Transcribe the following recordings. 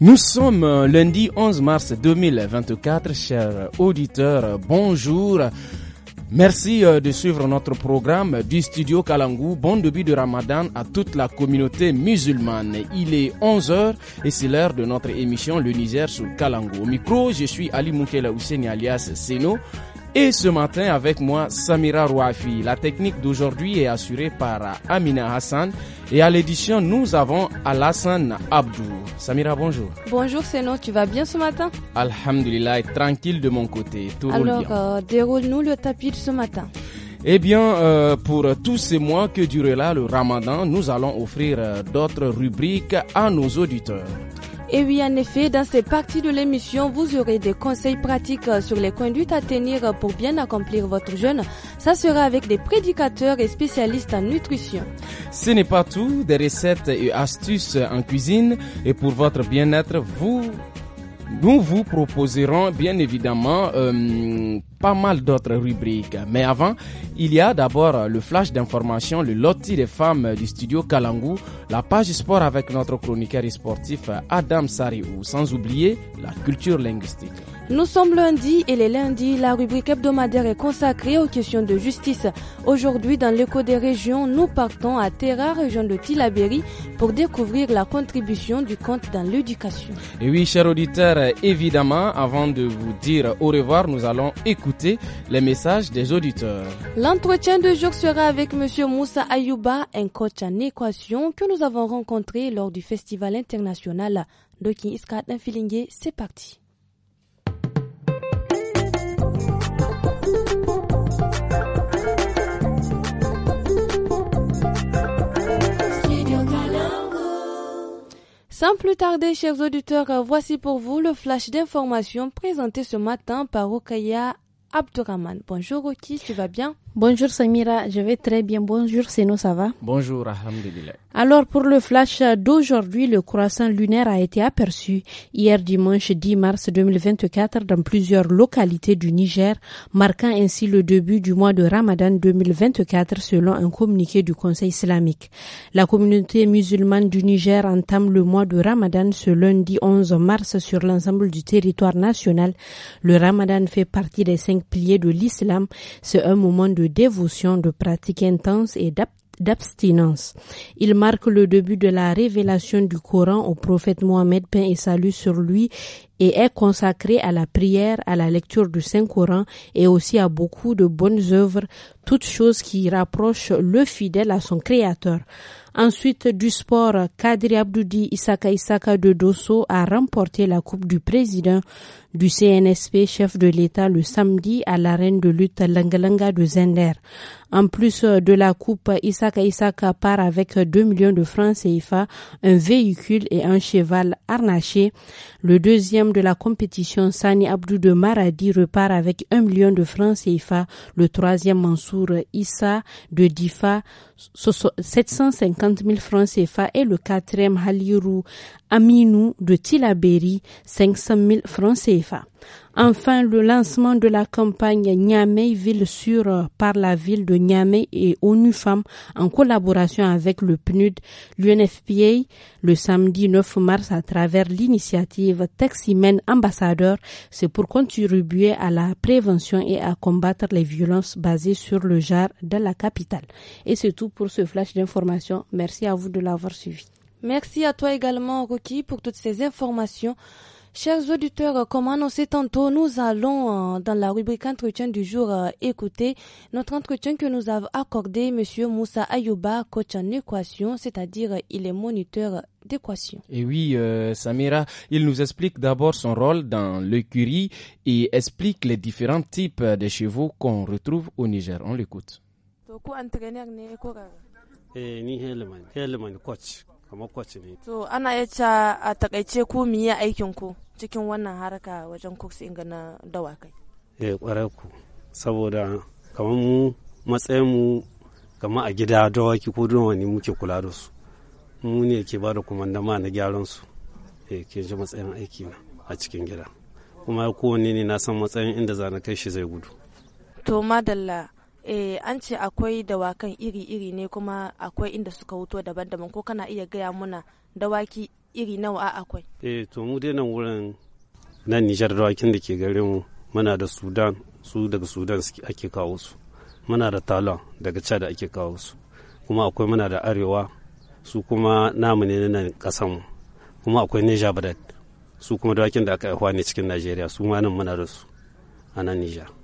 Nous sommes lundi 11 mars 2024, chers auditeurs, bonjour. Merci euh, de suivre notre programme du studio Kalangou. Bon début de Ramadan à toute la communauté musulmane. Il est 11h et c'est l'heure de notre émission Le Niger sur Kalangou. Au micro, je suis Ali Moukela Hussein alias Seno. Et ce matin avec moi, Samira Rouafi. La technique d'aujourd'hui est assurée par Amina Hassan. Et à l'édition, nous avons Alassane Abdou. Samira, bonjour. Bonjour Seno, tu vas bien ce matin Alhamdulillah, tranquille de mon côté. Tout Alors, euh, déroule-nous le tapis de ce matin. Eh bien, euh, pour tous ces mois que durera le ramadan, nous allons offrir euh, d'autres rubriques à nos auditeurs. Et oui, en effet, dans cette partie de l'émission, vous aurez des conseils pratiques sur les conduites à tenir pour bien accomplir votre jeûne. Ça sera avec des prédicateurs et spécialistes en nutrition. Ce n'est pas tout, des recettes et astuces en cuisine. Et pour votre bien-être, vous nous vous proposerons bien évidemment euh, pas mal d'autres rubriques. Mais avant, il y a d'abord le flash d'information, le loti des femmes du studio Kalangu, la page sport avec notre chroniqueur sportif Adam Sariou, sans oublier la culture linguistique. Nous sommes lundi et les lundis, la rubrique hebdomadaire est consacrée aux questions de justice. Aujourd'hui, dans l'écho des régions, nous partons à Terra, région de Tilaberi, pour découvrir la contribution du compte dans l'éducation. Et oui, chers auditeurs, évidemment, avant de vous dire au revoir, nous allons écouter les messages des auditeurs. L'entretien de jour sera avec M. Moussa Ayouba, un coach en équation que nous avons rencontré lors du Festival international Doki Iskat Filingue. C'est parti. Sans plus tarder, chers auditeurs, voici pour vous le flash d'information présenté ce matin par Okaya Abdurrahman. Bonjour Oki, tu vas bien Bonjour Samira, je vais très bien. Bonjour Seno, ça va Bonjour, Alhamdulillah. Alors pour le flash d'aujourd'hui, le croissant lunaire a été aperçu hier dimanche 10 mars 2024 dans plusieurs localités du Niger, marquant ainsi le début du mois de Ramadan 2024 selon un communiqué du Conseil islamique. La communauté musulmane du Niger entame le mois de Ramadan ce lundi 11 mars sur l'ensemble du territoire national. Le Ramadan fait partie des cinq piliers de l'islam. C'est un moment de de dévotion, de pratique intense et d'abstinence. Il marque le début de la révélation du Coran au prophète Mohammed, paix et salut sur lui, et est consacré à la prière, à la lecture du Saint-Coran et aussi à beaucoup de bonnes œuvres, toutes choses qui rapprochent le fidèle à son Créateur. Ensuite, du sport, Kadri Abdoudi Isaka Isaka de Dosso a remporté la Coupe du Président du CNSP, chef de l'État, le samedi à l'arène de lutte Langalanga de Zender. En plus de la Coupe, Isaka Isaka part avec 2 millions de francs CFA, un véhicule et un cheval harnaché. Le deuxième de la compétition, Sani Abdou de Maradi, repart avec 1 million de francs CFA. Le troisième, Mansour Issa de Difa, 750 50 000 francs CFA et le quatrième Halirou Aminou de Tilaberi 500 000 francs CFA. Enfin, le lancement de la campagne Niamey Ville sûre par la ville de Niamey et ONU Femmes en collaboration avec le PNUD, l'UNFPA, le samedi 9 mars à travers l'initiative Teximen Ambassadeur, c'est pour contribuer à la prévention et à combattre les violences basées sur le genre dans la capitale. Et c'est tout pour ce flash d'information. Merci à vous de l'avoir suivi. Merci à toi également, Rocky, pour toutes ces informations. Chers auditeurs, euh, comme annoncé tantôt, nous allons, euh, dans la rubrique entretien du jour, euh, écouter notre entretien que nous avons accordé Monsieur Moussa Ayouba, coach en équation, c'est-à-dire il est moniteur d'équation. Et oui, Samira, il nous explique d'abord son rôle dans l'écurie et explique les différents types de chevaux qu'on retrouve au Niger. On l'écoute. entraîneur eh, coach kamar ne. To ana ya ca a takaice ku yi aikin ku cikin wannan haraka wajen cooks inga na dawakai. Eh kware ku saboda kamar mu matsayin mu kamar a gida dawaki ko dawani muke kula da su. Mu ne ke ba da ma na gyaran su. Eh ke ji matsayin aiki na a cikin gida. Kuma kowanne ne na san matsayin inda zana kai shi zai gudu. To madalla Eh, an ce akwai dawakan iri-iri ne kuma akwai inda suka wuto daban-daban ko kana iya gaya muna dawaki iri nawa akwai eh to mu dai nan wurin nan Nijar dawakin da ke gare mu muna da Sudan su daga Sudan ake kawo su muna da Talon daga Chad ake kawo su kuma akwai muna da Arewa su kuma namu ne nan kasan mu kuma akwai nijar badat su kuma dawakin da aka haihuwa ne cikin Najeriya su ma nan muna da su a nan Nijar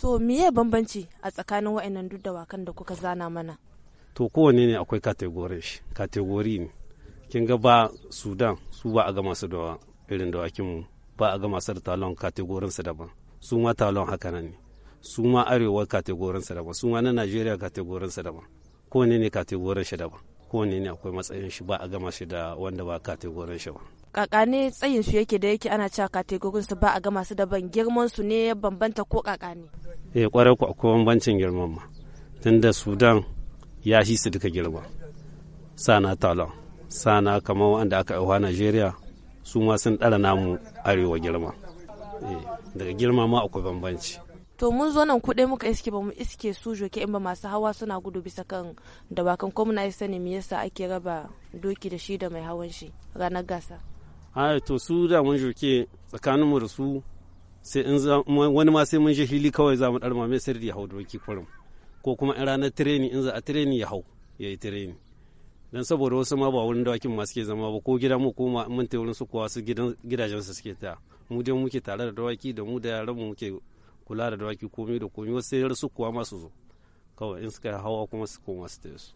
to miye bambanci a tsakanin wa'annan duk dawakan da kuka zana mana to kowane ne akwai kategorin shi kategori ne kin ga ba sudan su ba a ga masu da irin dawakin mu ba a ga masu da talon kategorin su daban su ma talon haka nan ne su ma arewa su daban su ma na najeriya su daban kowane ne kategorin shi daban kowane ne akwai matsayin shi ba a gama shi da wanda ba kategorin shi ba kakane tsayin su yake da yake ana cewa kategorin su ba a gama su daban girman su ne ya bambanta ko kakane eh kwarai ku akwai bambancin girman ma tunda sudan ya shi su duka girma sana talon sana kamar wanda aka aiwa najeriya su ma sun ɗara namu arewa girma eh, daga girma ma akwai bambanci to mun zo nan kuɗe muka iske ba mu iske su joke in ba masu hawa suna gudu bisa kan dawakan na yi sani me yasa ake raba doki da shi da mai hawan shi ranar gasa a to su da mun jurke tsakanin mu da su sai in wani ma sai mun je hili kawai za mu darma mai sirri ya hau doki kurum ko kuma in ranar tireni in za a tireni ya hau ya yi tireni dan saboda wasu ma ba wurin dawakin ma suke zama ba ko gida mu ko ma mun wurin su kuwa su gidajen su suke ta mu dai muke tare da dawaki da mu da yaran mu muke kula da dawaki komai da komai wasu sai rasu kuwa ma su zo kawai in suka hawa kuma su koma su tayi su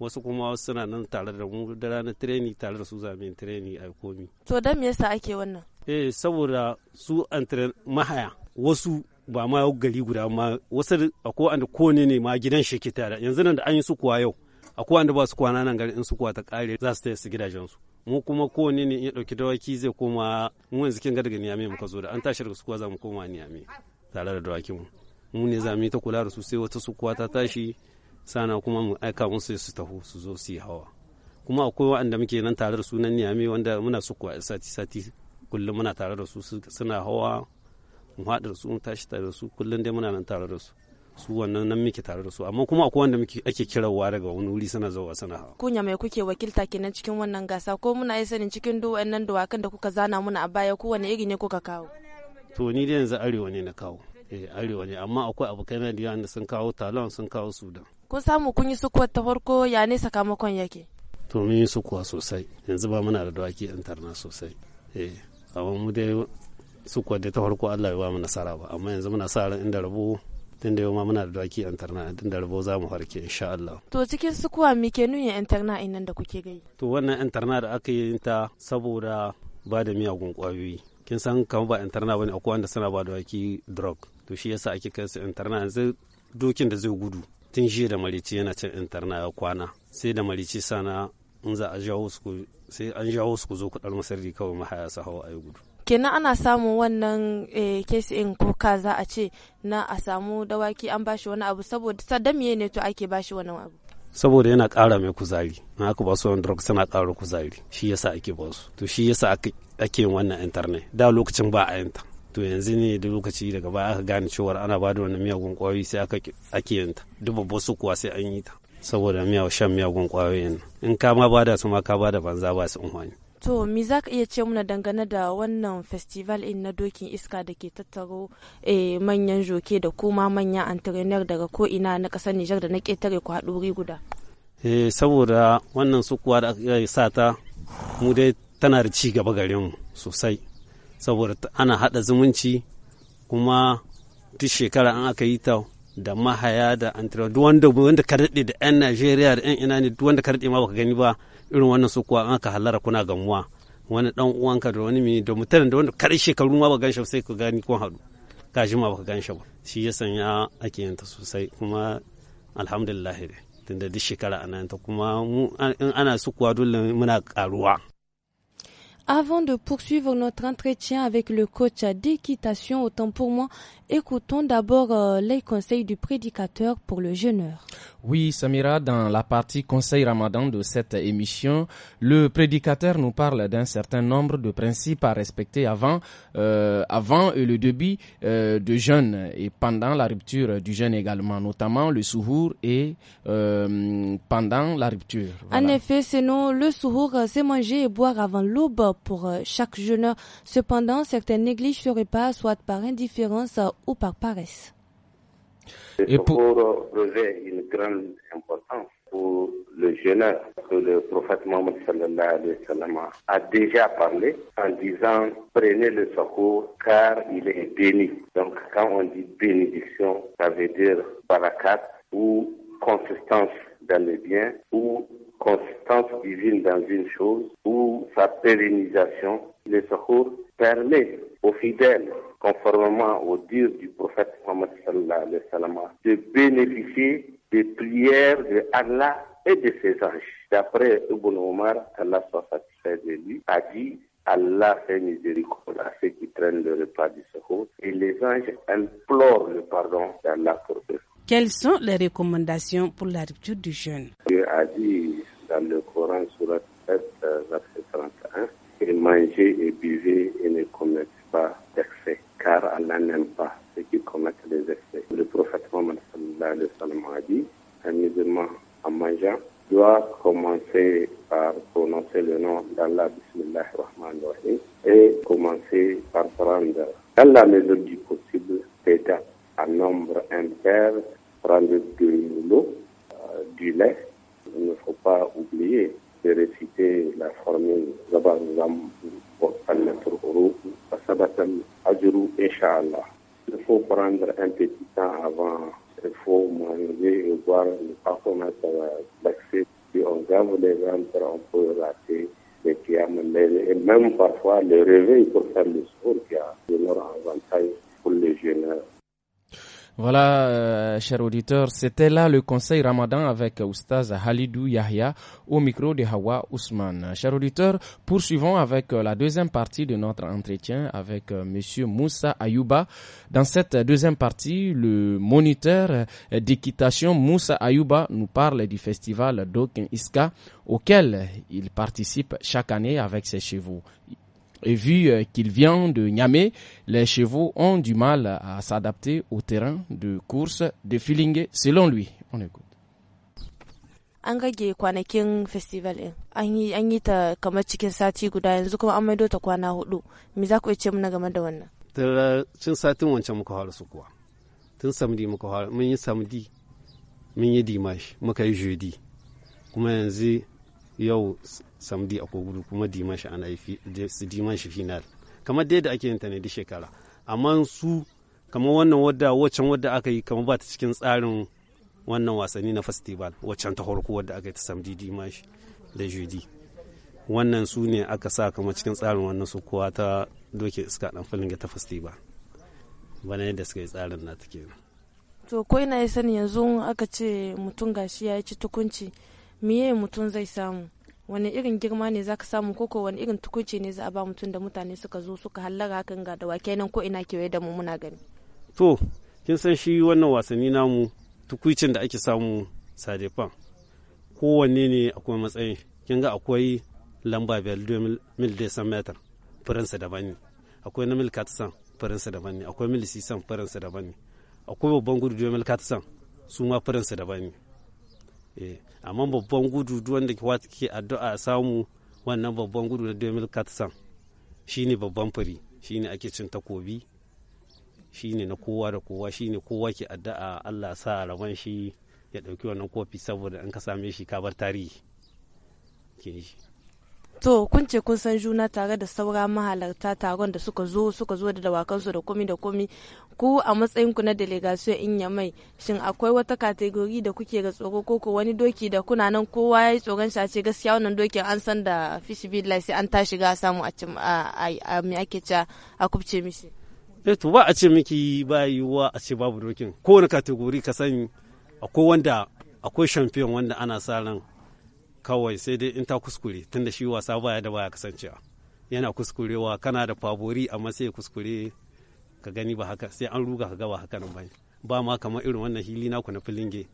wasu kuma wasu suna nan tare da mu da rana tireni tare da su zamin tireni a komi. To dan me yasa ake wannan? Eh saboda su antren mahaya wasu ba ma gari guda ma wasu akwai wanda kone ne ma gidan shi ke tare yanzu nan da an yi su kuwa yau akwai wanda ba su kwana nan garin in su kuwa ta kare za su taya su gidajensu. mu kuma ko ne ya ɗauki dawaki zai koma mu yanzu kin daga niyame muka zo da an tashi daga sukuwa za mu koma niyame tare da dawakin mu mu ne za mu yi ta kula da su sai wata sukuwa ta tashi sana kuma mu aika musu su taho su zo su yi hawa kuma akwai waɗanda muke nan tare da nan niyami wanda muna su kuwa sati sati kullum muna tare da su suna hawa mu haɗa da su mu tashi tare da su kullum dai muna nan tare da su su wannan nan muke tare da su amma kuma akwai wanda muke ake kirawa daga wani wuri suna zuwa suna hawa kunya mai kuke wakilta kenan cikin wannan gasa ko muna yi sanin cikin duk wannan dawakan da kuka zana muna a baya kowane iri ne kuka kawo to ni dai yanzu arewa ne na kawo eh arewa ne amma akwai abokai na da sun kawo talon sun kawo sudan kun samu kun yi sukuwar ta farko ya ne sakamakon yake to mun yi sukuwa sosai yanzu ba muna da dawaki intarna sosai eh amma mu dai sukuwar da ta farko Allah ya ba mu nasara ba amma yanzu muna sa ran inda rabo din da yau muna da dawaki intarna din da rabo za mu farke insha Allah to cikin sukuwa me ke nuni intarna nan da kuke gani to wannan intarna da aka yi ta saboda ba da miyagun kwayoyi kin san kamar ba intarna bane akwai wanda suna ba dawaki drug to shi yasa ake kai su intarna yanzu dokin da zai gudu tun shi da malici yana cin intarna ya kwana sai da malici sana in za a jawo su sai an jawo su ku zo ku masarri kawai mahaya su hawa ayi gudu kenan ana samun wannan kesi eh, in ko ka za a ce na a samu dawaki an bashi wani abu saboda sadamiye ne to ake bashi wani abu saboda yana ƙara mai kuzari na aka ba su wani suna ƙara kuzari shi yasa ake ba su to shi yasa ake yin wannan intanet da lokacin ba a yanta to yanzu ne da lokaci daga baya aka gane cewa ana ba da wani miyagun kwayoyi sai aka ake yin ta duba kuwa sai an yi ta saboda miyawa shan miyagun kwayoyin in ka ma ba da su ma ka ba da banza ba su unhwani to me za ka iya ce muna dangane da wannan festival in na dokin iska da ke tattaro eh, manyan joke da kuma manyan entrepreneur daga ko ina na kasar Nijar da na ketare ku haɗu guda eh saboda wannan sukuwa da aka sa ta mu dai tana da ci gaba garin mu sosai saboda ana haɗa zumunci kuma duk shekara an aka yi ta da mahaya da antrewa duk wanda wanda ka daɗe da 'yan najeriya da 'yan ina ne duk wanda ka daɗe ma baka gani ba irin wannan su kuwa an aka halara kuna gamuwa wani dan uwanka da wani mai da mutane da wanda kar shekaru ma ba ganshi sai ka gani kun haɗu kashi ma baka ganshi ba shi ya sanya ake yanta sosai kuma alhamdulillah tunda duk shekara ana yanta kuma in ana su kuwa dole muna karuwa Avant de poursuivre notre entretien avec le coach d'équitation, autant pour moi, Écoutons d'abord euh, les conseils du prédicateur pour le jeûneur. Oui, Samira, dans la partie conseil ramadan de cette émission, le prédicateur nous parle d'un certain nombre de principes à respecter avant, euh, avant et le début euh, de jeûne et pendant la rupture du jeûne également, notamment le souhour et euh, pendant la rupture. En effet, sinon, le souhour, c'est manger et boire avant l'aube pour chaque jeûneur. Cependant, certains négligent ce repas, soit par indifférence ou par paresse. Et pour... revêt une grande importance pour le jeûneur que le prophète Mohammed a déjà parlé en disant prenez le secours car il est béni. Donc quand on dit bénédiction, ça veut dire barakat ou consistance dans le bien ou consistance divine dans une chose ou sa pérennisation. Le secours permet aux fidèles conformément aux dires du prophète Mohammed sallallahu alayhi wa sallam, de bénéficier des prières de Allah et de ses anges. D'après Ibn Omar, Allah soit satisfait de lui, a dit Allah fait miséricorde à ceux qui traînent le repas du secours et les anges implorent le pardon d'Allah pour eux. Quelles sont les recommandations pour la rupture du jeûne Dieu a dit dans le Coran, sur la 7, verset 31, et mangez et buvez et ne commettez Allah n'aime pas ceux qui commettent des excès. Le prophète Mohammed a dit un musulman en mangeant doit commencer par prononcer le nom d'Allah, Bismillah, Rahman, Rahim, et commencer par prendre. Allah ne chers auditeurs, c'était là le conseil ramadan avec Oustaz Halidou Yahya au micro de Hawa Ousmane. Chers auditeurs, poursuivons avec euh, la deuxième partie de notre entretien avec euh, M. Moussa Ayouba. Dans cette deuxième partie, le moniteur euh, d'équitation Moussa Ayouba nous parle du festival d'Okin Iska auquel il participe chaque année avec ses chevaux. Et vu euh, qu'il vient de Niamey, les chevaux ont du mal à s'adapter au terrain de course de feeling, selon lui. On écoute. an rage kwanakin festival in eh. an yi ta kamar cikin sati guda yanzu kuma an maido ta kwana hudu me za ku ce muna game da wannan tun satin wancan muka fara su kuwa tun samdi muka fara mun yi samdi mun yi dimash muka yi jeudi kuma yanzu yau samdi a gudu kuma shi ana shi final kamar dai da ake yin ta ne duk shekara amma su kamar wannan wadda waccan wadda aka yi kamar ba ta cikin tsarin wannan wasanni na festival waccan ta farko wadda aka yi ta samdi diman shi da judi wannan su ne aka sa kamar cikin tsarin wannan su kowa ta doke iska dan filinga ta festival bana yadda suka yi tsarin na ta kenan to ko ina yi sani yanzu aka ce mutum gashi ya ci tukunci miye mutum zai samu wani irin girma ne zaka samu koko wani irin tukunci ne za a ba mutum da mutane suka zo suka hallara hakan ga da wake nan ko ina kewaye da mu muna gani to kin san shi wannan wasanni namu tukucin da ake samu sadefa kowanne ne akwai matsayi kin ga akwai lamba biyar mil san metar faransa daban ne akwai na mil katisan faransa daban ne akwai mil sisan faransa daban ne akwai babban gudu mil katisan su ma faransa daban ne Eh, amma babban gudu wanda ke addu'a a samu wannan babban gudu na 2014 ne babban fari ne ake cin takobi shi ne na kowa da kowa shi ne kowa ke addu'a Allah sa raban shi ya ɗauki wannan kofi saboda in ka same shi ka bar tarihi To kun ce kun san juna tare da saura mahalarta taron da suka zo suka zo da dawakansu da komi da komi ku a matsayin ku na delegation in ya mai shin akwai wata kategori da kuke ga tsoro ko ko wani doki da kuna nan kowa ya yi tsoron shi ce gaskiya wannan dokin an san da fisibilai sai an tashi ga samu a cin a me ake cewa a kubce mishi. Eh to ba a ce miki ba yiwuwa a ce babu dokin kowane kategori ka sani akwai wanda akwai champion wanda ana sa ran kawai sai dai in ta kuskure tun da shi wasa baya da baya kasancewa yana kuskurewa kana da fabori amma sai kuskure ka gani ba haka sai an ruga ka gaba haka nan ba ba ma kamar irin wannan hili naku na filinge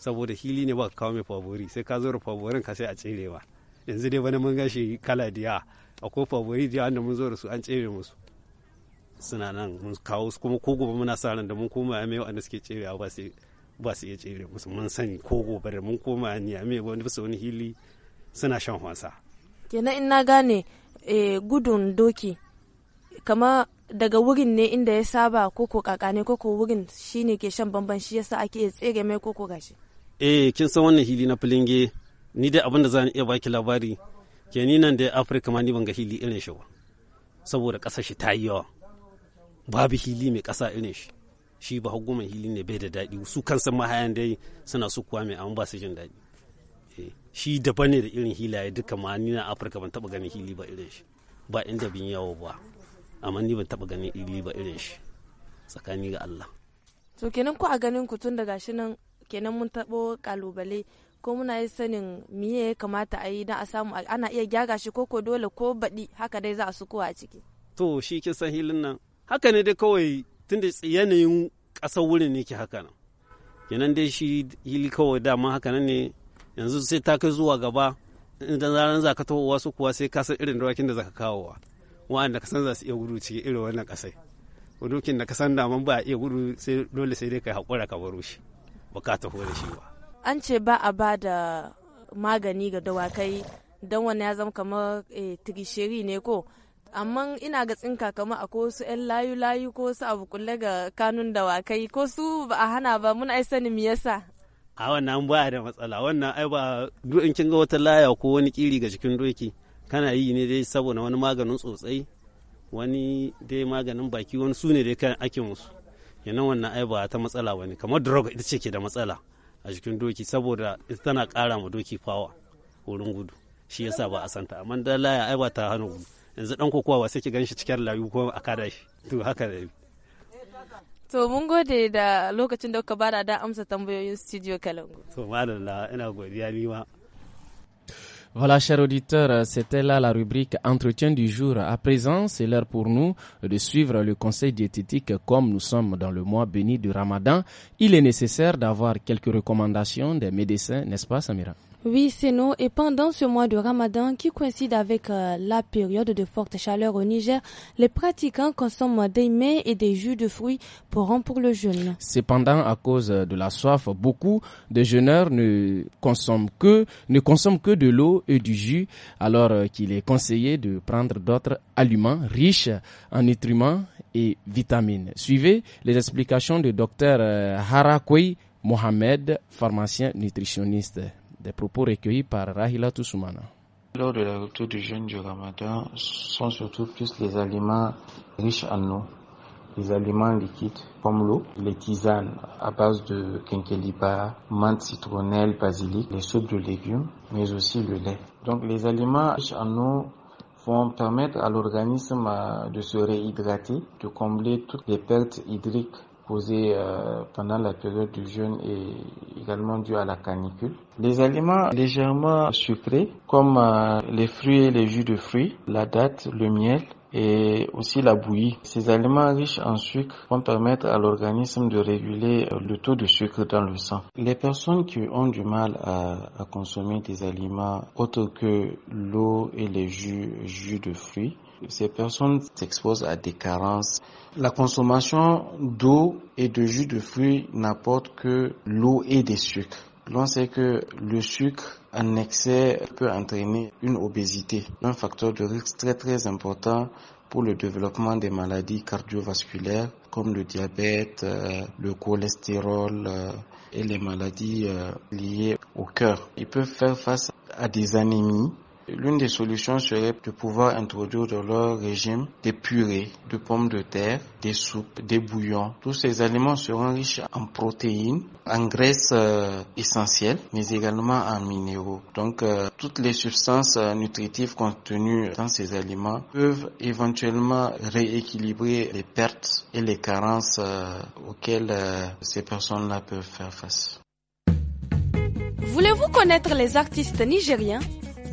saboda hili ne ba ka kawo mai fabori sai ka zo da faborin ka sai a cirewa yanzu dai na mun gashi kala diya akwai fabori diya wanda mun zo da su an tsere musu suna nan mun kawo su kuma ko gobe muna sa ran da mun koma mai wanda suke cirewa ba sai ba su iya cire musu mun sani ko gobe mun koma niyame wani bisa wani hili suna shan wasa kenan in na gane eh, gudun doki kama daga wurin ne inda ya saba koko kaka ne koko wurin shine ke shan bamban shi yasa ake iya tsere mai koko gashi eh kin san wannan hili na filinge ni dai abin da zan iya baki labari ke ni nan da afirka ma ni ban ga hili irin shi ba saboda ƙasar shi ta yi yawa babu hili mai kasa irin shi shi ba hagu mai hili ne bai da daɗi su kansa mahayan dai suna su kuwa mai amma ba su jin daɗi eh, shi daban ne da irin hilaye duka ma ni na afirka ban taɓa ganin hili ba irin shi ba inda bin yawo ba amma ni ban taɓa ganin hili ba irin shi tsakani ga Allah to kenan ku a ganin ku tun daga shi kenan mun taɓo kalubale ko muna yi sanin miye ya kamata a yi don a samu ana iya gyaga shi ko dole ko baɗi haka dai za a sukuwa a ciki. To shi san hilin nan haka ne dai kawai tun da yanayin ƙasar wurin ne ke haka nan kenan dai shi hili kawai dama haka nan ne yanzu sai ta kai zuwa gaba idan ranar za ka tahowa su kuwa sai ka san irin dawakin da za ka kawowa wa'anda ka san za su iya gudu cikin irin wannan ƙasai dokin da ka san daman ba a iya gudu sai dole sai dai ka haƙura ka baro shi ba ka taho da shi ba an ce ba a ba da magani ga dawakai don wani ya zama kamar eh, tigishiri ne ko amma ina ga tsinka kama a su 'yan layu-layu ko su abu kulle ga kanun dawakai ko su ba a hana ba mun ai sani me yasa a wannan ba da matsala wannan ai ba duk kin ga wata laya ko wani kiri ga cikin doki kana yi ne dai saboda wani maganin tsotsai wani dai maganin baki wani su ne dai kan ake musu yanan wannan ai ba ta matsala ba ne kamar drug ita ce ke da matsala a cikin doki saboda ita tana kara ma doki fawa wurin gudu shi yasa ba a santa amma da laya ai ba ta hana gudu Voilà, chers auditeurs, c'était là la rubrique Entretien du jour. À présent, c'est l'heure pour nous de suivre le conseil diététique. Comme nous sommes dans le mois béni du Ramadan, il est nécessaire d'avoir quelques recommandations des médecins, n'est-ce pas, Samira? Oui, c'est nous. Et pendant ce mois de Ramadan qui coïncide avec euh, la période de forte chaleur au Niger, les pratiquants consomment des mets et des jus de fruits pour remplir le jeûne. Cependant, à cause de la soif, beaucoup de jeûneurs ne consomment que, ne consomment que de l'eau et du jus, alors euh, qu'il est conseillé de prendre d'autres aliments riches en nutriments et vitamines. Suivez les explications du docteur euh, Harakoui Mohamed, pharmacien nutritionniste. Des propos recueillis par Rahila Toussoumana. Lors de la rupture du jeûne du ramadan, sont surtout plus les aliments riches en eau, les aliments liquides comme l'eau, les tisanes à base de quinqueliba, menthe, citronnelle, basilic, les soupes de légumes, mais aussi le lait. Donc les aliments riches en eau vont permettre à l'organisme euh, de se réhydrater, de combler toutes les pertes hydriques posés euh, pendant la période du jeûne et également dû à la canicule. Les aliments légèrement sucrés comme euh, les fruits et les jus de fruits, la date, le miel, et aussi la bouillie. Ces aliments riches en sucre vont permettre à l'organisme de réguler euh, le taux de sucre dans le sang. Les personnes qui ont du mal à, consommer des aliments autres que l'eau et les jus de fruits ces personnes s'exposent à des carences. La consommation d'eau et de jus de fruits n'apporte que l'eau et des sucres. L'on sait que le sucre en excès peut entraîner une obésité, un facteur de risque très très important pour le développement des maladies cardiovasculaires comme le diabète, euh, le cholestérol euh, et les maladies euh, liées au cœur. Ils peuvent faire face à des anémies L'une des solutions serait de pouvoir introduire dans leur régime des purées de pommes de terre, des soupes, des bouillons. Tous ces aliments seront riches en protéines, en graisses euh, essentielles, mais également en minéraux. Donc euh, toutes les substances euh, nutritives contenues dans ces aliments peuvent éventuellement rééquilibrer les pertes et les carences auxquelles ces personnes-là peuvent faire face. Voulez-vous connaître les artistes nigériens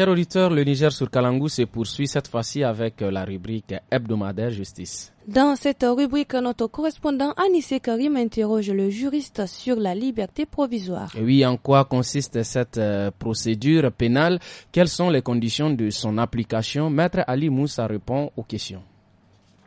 Cher auditeur, le Niger sur Kalangou se poursuit cette fois-ci avec euh, la rubrique hebdomadaire justice. Dans cette rubrique, notre correspondant Anissé Karim interroge le juriste sur la liberté provisoire. oui, en quoi consiste cette euh, procédure pénale Quelles sont les conditions de son application Maître Ali Moussa répond aux questions.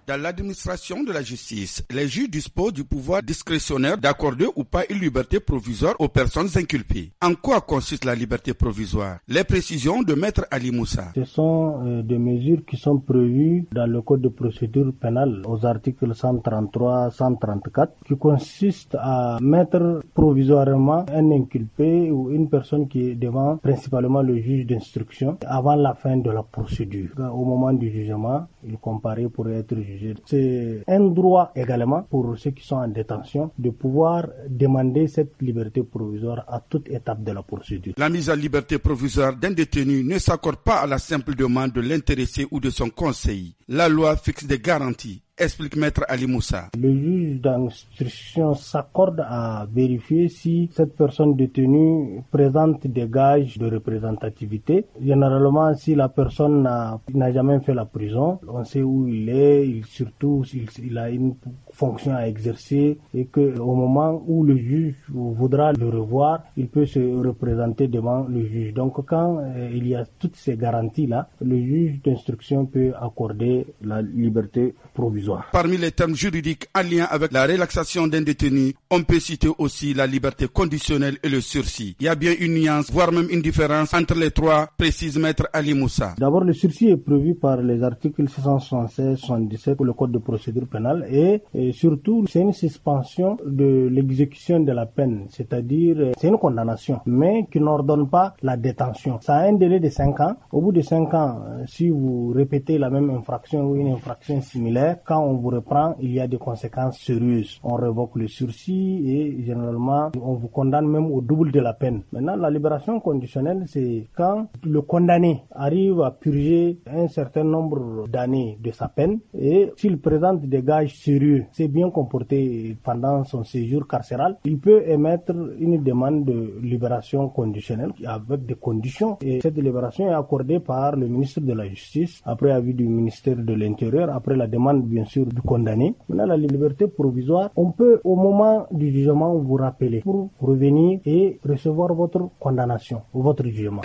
Dans l'administration de la justice, les juges disposent du pouvoir discrétionnaire d'accorder ou pas une liberté provisoire aux personnes inculpées. En quoi consiste la liberté provisoire Les précisions de Maître Ali Moussa. Ce sont euh, des mesures qui sont prévues dans le Code de procédure pénale aux articles 133, 134, qui consistent à mettre provisoirement un inculpé ou une personne qui est devant principalement le juge d'instruction avant la fin de la procédure. Au moment du jugement, il comparaît pour être jugé c'est un droit également pour ceux qui sont en détention de pouvoir demander cette liberté provisoire à toute étape de la procédure. La mise en liberté provisoire d'un détenu ne s'accorde pas à la simple demande de l'intéressé ou de son conseil. La loi fixe des garanties explique maître Ali Moussa. Le juge d'instruction s'accorde à vérifier si cette personne détenue présente des gages de représentativité. Généralement, si la personne n'a jamais fait la prison, on sait où il est, surtout il, a une fonction à exercer et que au moment où le juge voudra le revoir, il peut se représenter devant le juge. Donc quand euh, il y a toutes ces garanties-là, le juge d'instruction peut accorder la liberté provisoire. Parmi les termes juridiques en lien avec la relaxation d'un détenu, on peut citer aussi la liberté conditionnelle et le sursis. Il y a bien une nuance, voire même une différence entre les trois, précise maître Ali Moussa. D'abord, le sursis est prévu par les articles 676, 77 pour le code de procédure pénale et et surtout, c'est une suspension de l'exécution de la peine, c'est-à-dire euh, c'est une condamnation, mais qui n'ordonne pas la détention. Ça a un délai de 5 ans. Au bout de 5 ans, euh, si vous répétez la même infraction ou une infraction similaire, quand on vous reprend, il y a des conséquences sérieuses. On révoque le sursis et généralement, on vous condamne même au double de la peine. Maintenant, la libération conditionnelle, c'est quand le condamné arrive à purger un certain nombre d'années de sa peine et s'il présente des gages sérieux, bien comporté pendant son séjour carcéral, il peut émettre une demande de libération conditionnelle avec des conditions. Et cette libération est accordée par le ministre de la Justice, après avis du ministère de l'Intérieur, après la demande bien sûr du condamné. Maintenant, la liberté provisoire, on peut au moment du jugement vous rappeler pour revenir et recevoir votre condamnation, votre jugement.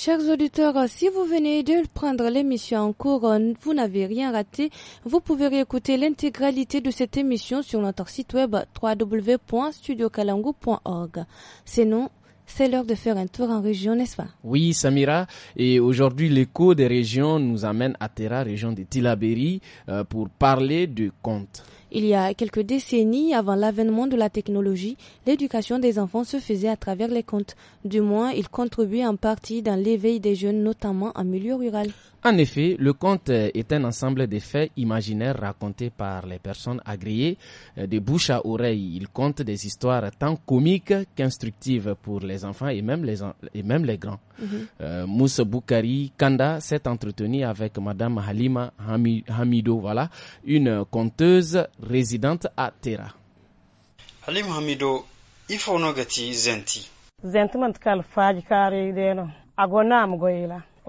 Chers auditeurs, si vous venez de prendre l'émission en cours, euh, vous n'avez rien raté. Vous pouvez réécouter l'intégralité de cette émission sur notre site web www.studiocalango.org. Sinon, c'est l'heure de faire un tour en région, n'est-ce pas Oui, Samira. Et aujourd'hui, l'écho des régions nous amène à Terra, région de Tilaberi, euh, pour parler de compte. Il y a quelques décennies, avant l'avènement de la technologie, l'éducation des enfants se faisait à travers les comptes. Du moins, il contribuait en partie dans l'éveil des jeunes, notamment en milieu rural. En effet, le conte est un ensemble de faits imaginaires racontés par les personnes agréées euh, de bouche à oreille. Il compte des histoires tant comiques qu'instructives pour les enfants et même les, et même les grands. Mousse mhm. euh, Moussa Boukari Kanda s'est entretenu avec Madame Halima Hamido, voilà, une conteuse résidente à Tera. Halima Hamido, il faut nous Zenti. Zenti, kal faji Agona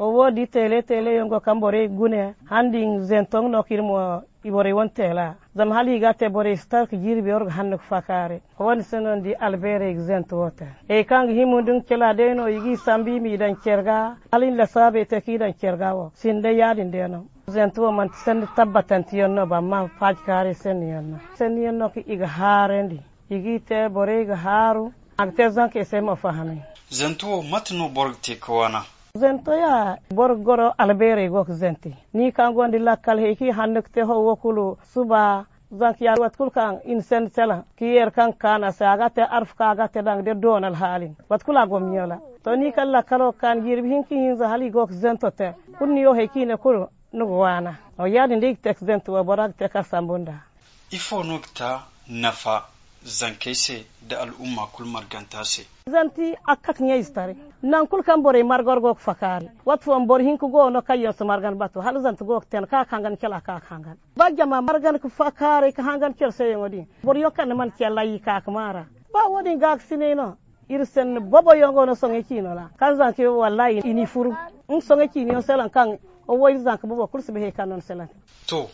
o woodi tele tele yongo kam borey gune hanndin zenton nokirmo ibore won tela zam hali ga te bore stark jirbe orgo hanno fakare o woni senon di albere exent wota e kang himundun kela deno yigi sambi mi dan cerga alin la sabe te ki dan cerga wo sinde yadin deno zento man sen tabbatan tiyono ba man faj kare sen yonno sen yonno ki iga harendi yigi te bore iga haru agte zanke sema fahami zento matno borg te kawana zentoya borgoro albere gok zenti ni kangondi lakkal heki hannukte ho wokulu suba zankiya watkul kan insen sela kiyer kan kana sagate arf kagate dang de donal halin watkula gomyola to ni kan lakkalo kan yirbi hinki hinza hali gok zentote kunni yo hekine kuru nugu wana o yadi ndig tek zentuwa borag te sambunda ifo nukta nafa zanke se da al'umma kulmar se. Zanti akak nye istare. Nan kul kan bore margor gok fakari. Wat fuan bore hinku go no kayon su margan batu. Hal zanti gok ten ka kangan kela ka kangan. Bajama margan ku fakari ka hangan kel se yongodi. Bore kan man kela yi ka kamara. Ba wodi gak sineno. irsen bobo yongo no songe kino la kan zanke wallahi ini furu in songe kino selan kan o woy zanki bobo kursi be he kanon selan to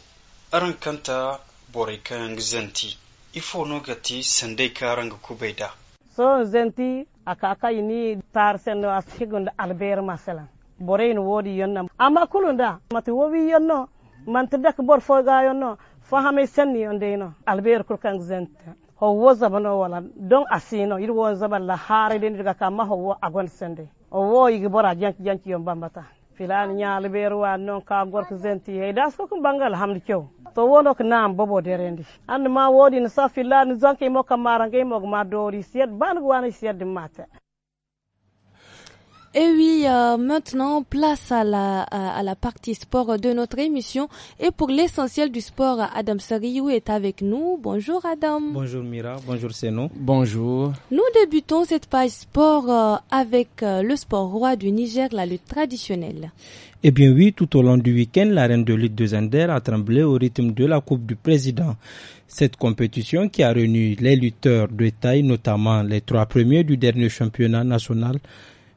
aran kanta bore kan zanti ifo no gati sandai karanga da. so zenti akaka ini tar sendo asigunda masala. masalan in wodi yonna amma da mati wobi yonno manti dak bor foga yonno fahame senni yondeno alber zan ta. ho wo zabano wala don asino yir wo zaban la haare den daga kama ho wo agon sende o wo yigi bora jank jank yon bambata filan ñaali ɓeeru wani noon ka gorko zenti hey das kokum bangal hamdi kew to wono ko naam bobo derendi ande ma wodi no sa filan zanki mo kamara marangue mo ma doori siyed bango wani siyedde matte Et oui, euh, maintenant, place à la, à, la partie sport de notre émission. Et pour l'essentiel du sport, Adam Sariou est avec nous. Bonjour Adam. Bonjour Mira, bonjour Seno. Bonjour. Nous débutons cette page sport euh, avec euh, le sport roi du Niger, la lutte traditionnelle. Eh bien oui, tout au long du week-end, l'arène de lutte de Zander a tremblé au rythme de la Coupe du Président. Cette compétition qui a réuni les lutteurs de taille, notamment les trois premiers du dernier championnat national,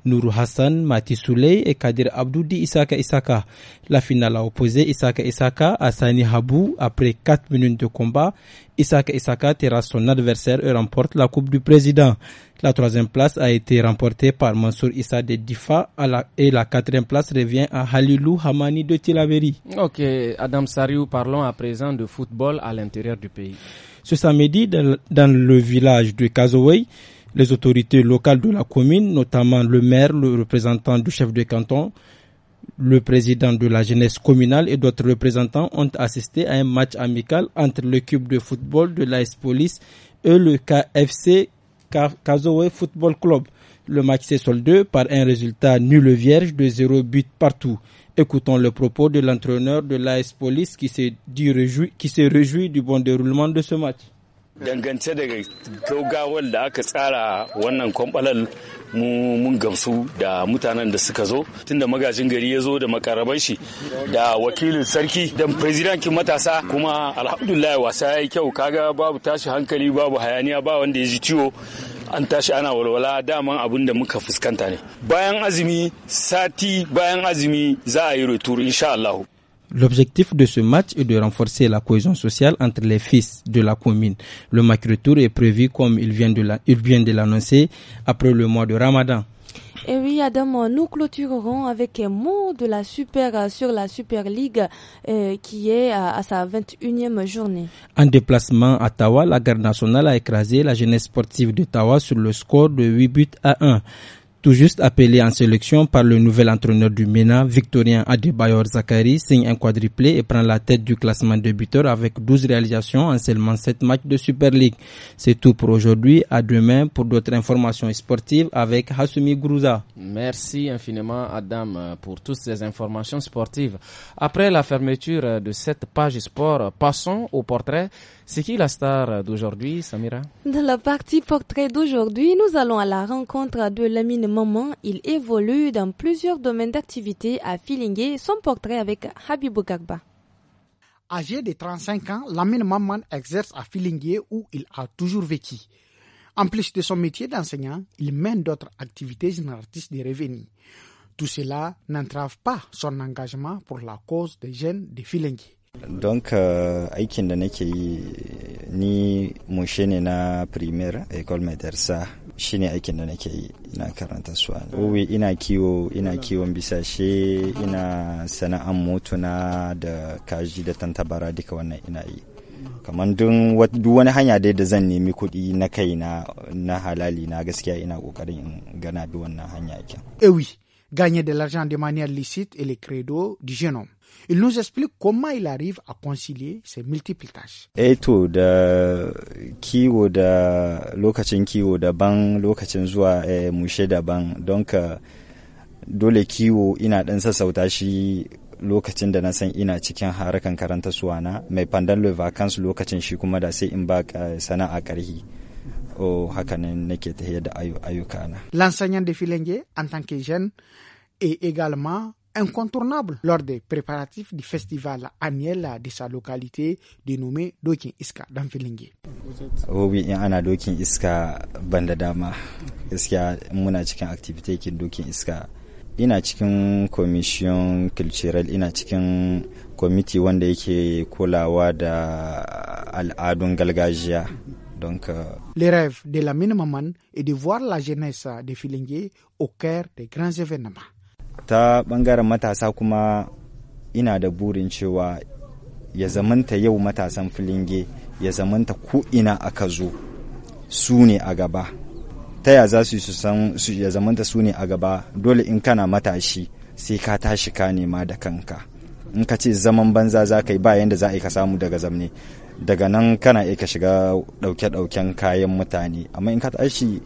Nuru Hassan, Mati Souley et Kadir Abdoudi Isaka Isaka. La finale a opposé Isaka Isaka à Sani Habou après 4 minutes de combat. Isaka Isaka terrasse son adversaire et remporte la Coupe du Président. La troisième place a été remportée par Mansour Issa de Difa et la quatrième place revient à Halilou Hamani de Tilaveri. Ok, Adam Sariou, parlons à présent de football à l'intérieur du pays. Ce samedi, dans le village de Kazoway, les autorités locales de la commune, notamment le maire, le représentant du chef de canton, le président de la jeunesse communale et d'autres représentants ont assisté à un match amical entre le club de football de l'AS Police et le KFC Kazoe Football Club. Le match s'est soldé par un résultat nul vierge de zéro but partout. Écoutons le propos de l'entraîneur de l'AS Police qui s'est réjouit qui s'est réjoui du bon déroulement de ce match. dangance daga gaugawar da aka tsara wannan kwamfalar mun gamsu da mutanen da suka zo tunda magajin gari ya zo da makaraban shi da wakilin sarki da ki matasa kuma alhamdulillah wasa ya yi kyau kaga babu tashi hankali babu hayaniya ba wanda ya ji ciwo an tashi ana walwala daman abin da muka fuskanta ne bayan azumi sati bayan azumi za a yi retur insha Allah L'objectif de ce match est de renforcer la cohésion sociale entre les fils de la commune. Le macro-tour est prévu, comme il vient de l'annoncer, après le mois de Ramadan. Et oui, Adam, nous clôturerons avec un mot de la Super sur la Super League euh, qui est à, à, sa 21e journée. En déplacement à Tawa, la garde nationale a écrasé la jeunesse sportive de Tawa sur le score de 8 buts à 1 tout juste appelé en sélection par le nouvel entraîneur du MENA, Victorien Adebayor Zakari, signe un quadriplé et prend la tête du classement de buteur avec 12 réalisations en seulement 7 matchs de Super League. C'est tout pour aujourd'hui. À demain pour d'autres informations sportives avec Hassoumi Grouza. Merci infiniment Adam pour toutes ces informations sportives. Après la fermeture de cette page sport, passons au portrait c'est qui la star d'aujourd'hui, Samira Dans la partie portrait d'aujourd'hui, nous allons à la rencontre de Lamine Maman. Il évolue dans plusieurs domaines d'activité à Filingué. Son portrait avec Habibou Gagba. Âgé de 35 ans, Lamine Maman exerce à Filingué où il a toujours vécu. En plus de son métier d'enseignant, il mène d'autres activités génératrices de revenus. Tout cela n'entrave pas son engagement pour la cause des jeunes de Filingué. don ka aikin da nake yi ni mushe ne na premier ecole medersa shi ne aikin da nake yi ina karanta su owe ina kiwo ina kiwon bisashe ina sana'an motuna da kaji da tantabara duka wannan ina yi kamar duk wani hanya dai da zan nemi kuɗi na kai na halali na gaskiya ina ƙoƙarin in gana bi wannan hanya Ewi, eh gagner de l'argent de manière licite et le credo du jeune Il nous explique comment il arrive à concilier ces multiples tâches. Eh to de kiwo da lokacin kiwo daban lokacin zuwa eh, mushe daban don ka dole kiwo ina ɗan sassauta shi lokacin da na san ina cikin harkan karanta suwana mai pandan vacance lokacin shi kuma da sai in ba eh, sana'a karhi o hakanan nake tafiyar da ayyukana. L'enseignant de Filengue en tant que jeune et également incontournable lors des préparatifs du festival annuel de sa localité dénommé Dokin Iska dans Filingue. Oh oui, in a Dokin Iska banda dama. Gaskiya muna cikin activité kin Dokin Iska. Ina cikin commission cultural, ina cikin committee wanda yake kulawa da al'adun gargajiya. Donc, euh... Le rêve de la mine maman est de voir la jeunesse de Filingue au cœur des grands événements. ta bangaren matasa kuma ina da burin cewa ya zamanta yau matasan filinge ya zamanta ko'ina aka zo su ne a gaba ta ya za su su san ya zamanta su ne a gaba dole in kana matashi sai ka tashi ka nema da kanka in ka ce zaman banza za ka yi ba yadda za a yi ka samu daga zamne daga nan kana iya ka shiga ɗauke-ɗauken kayan mutane amma in ka tashi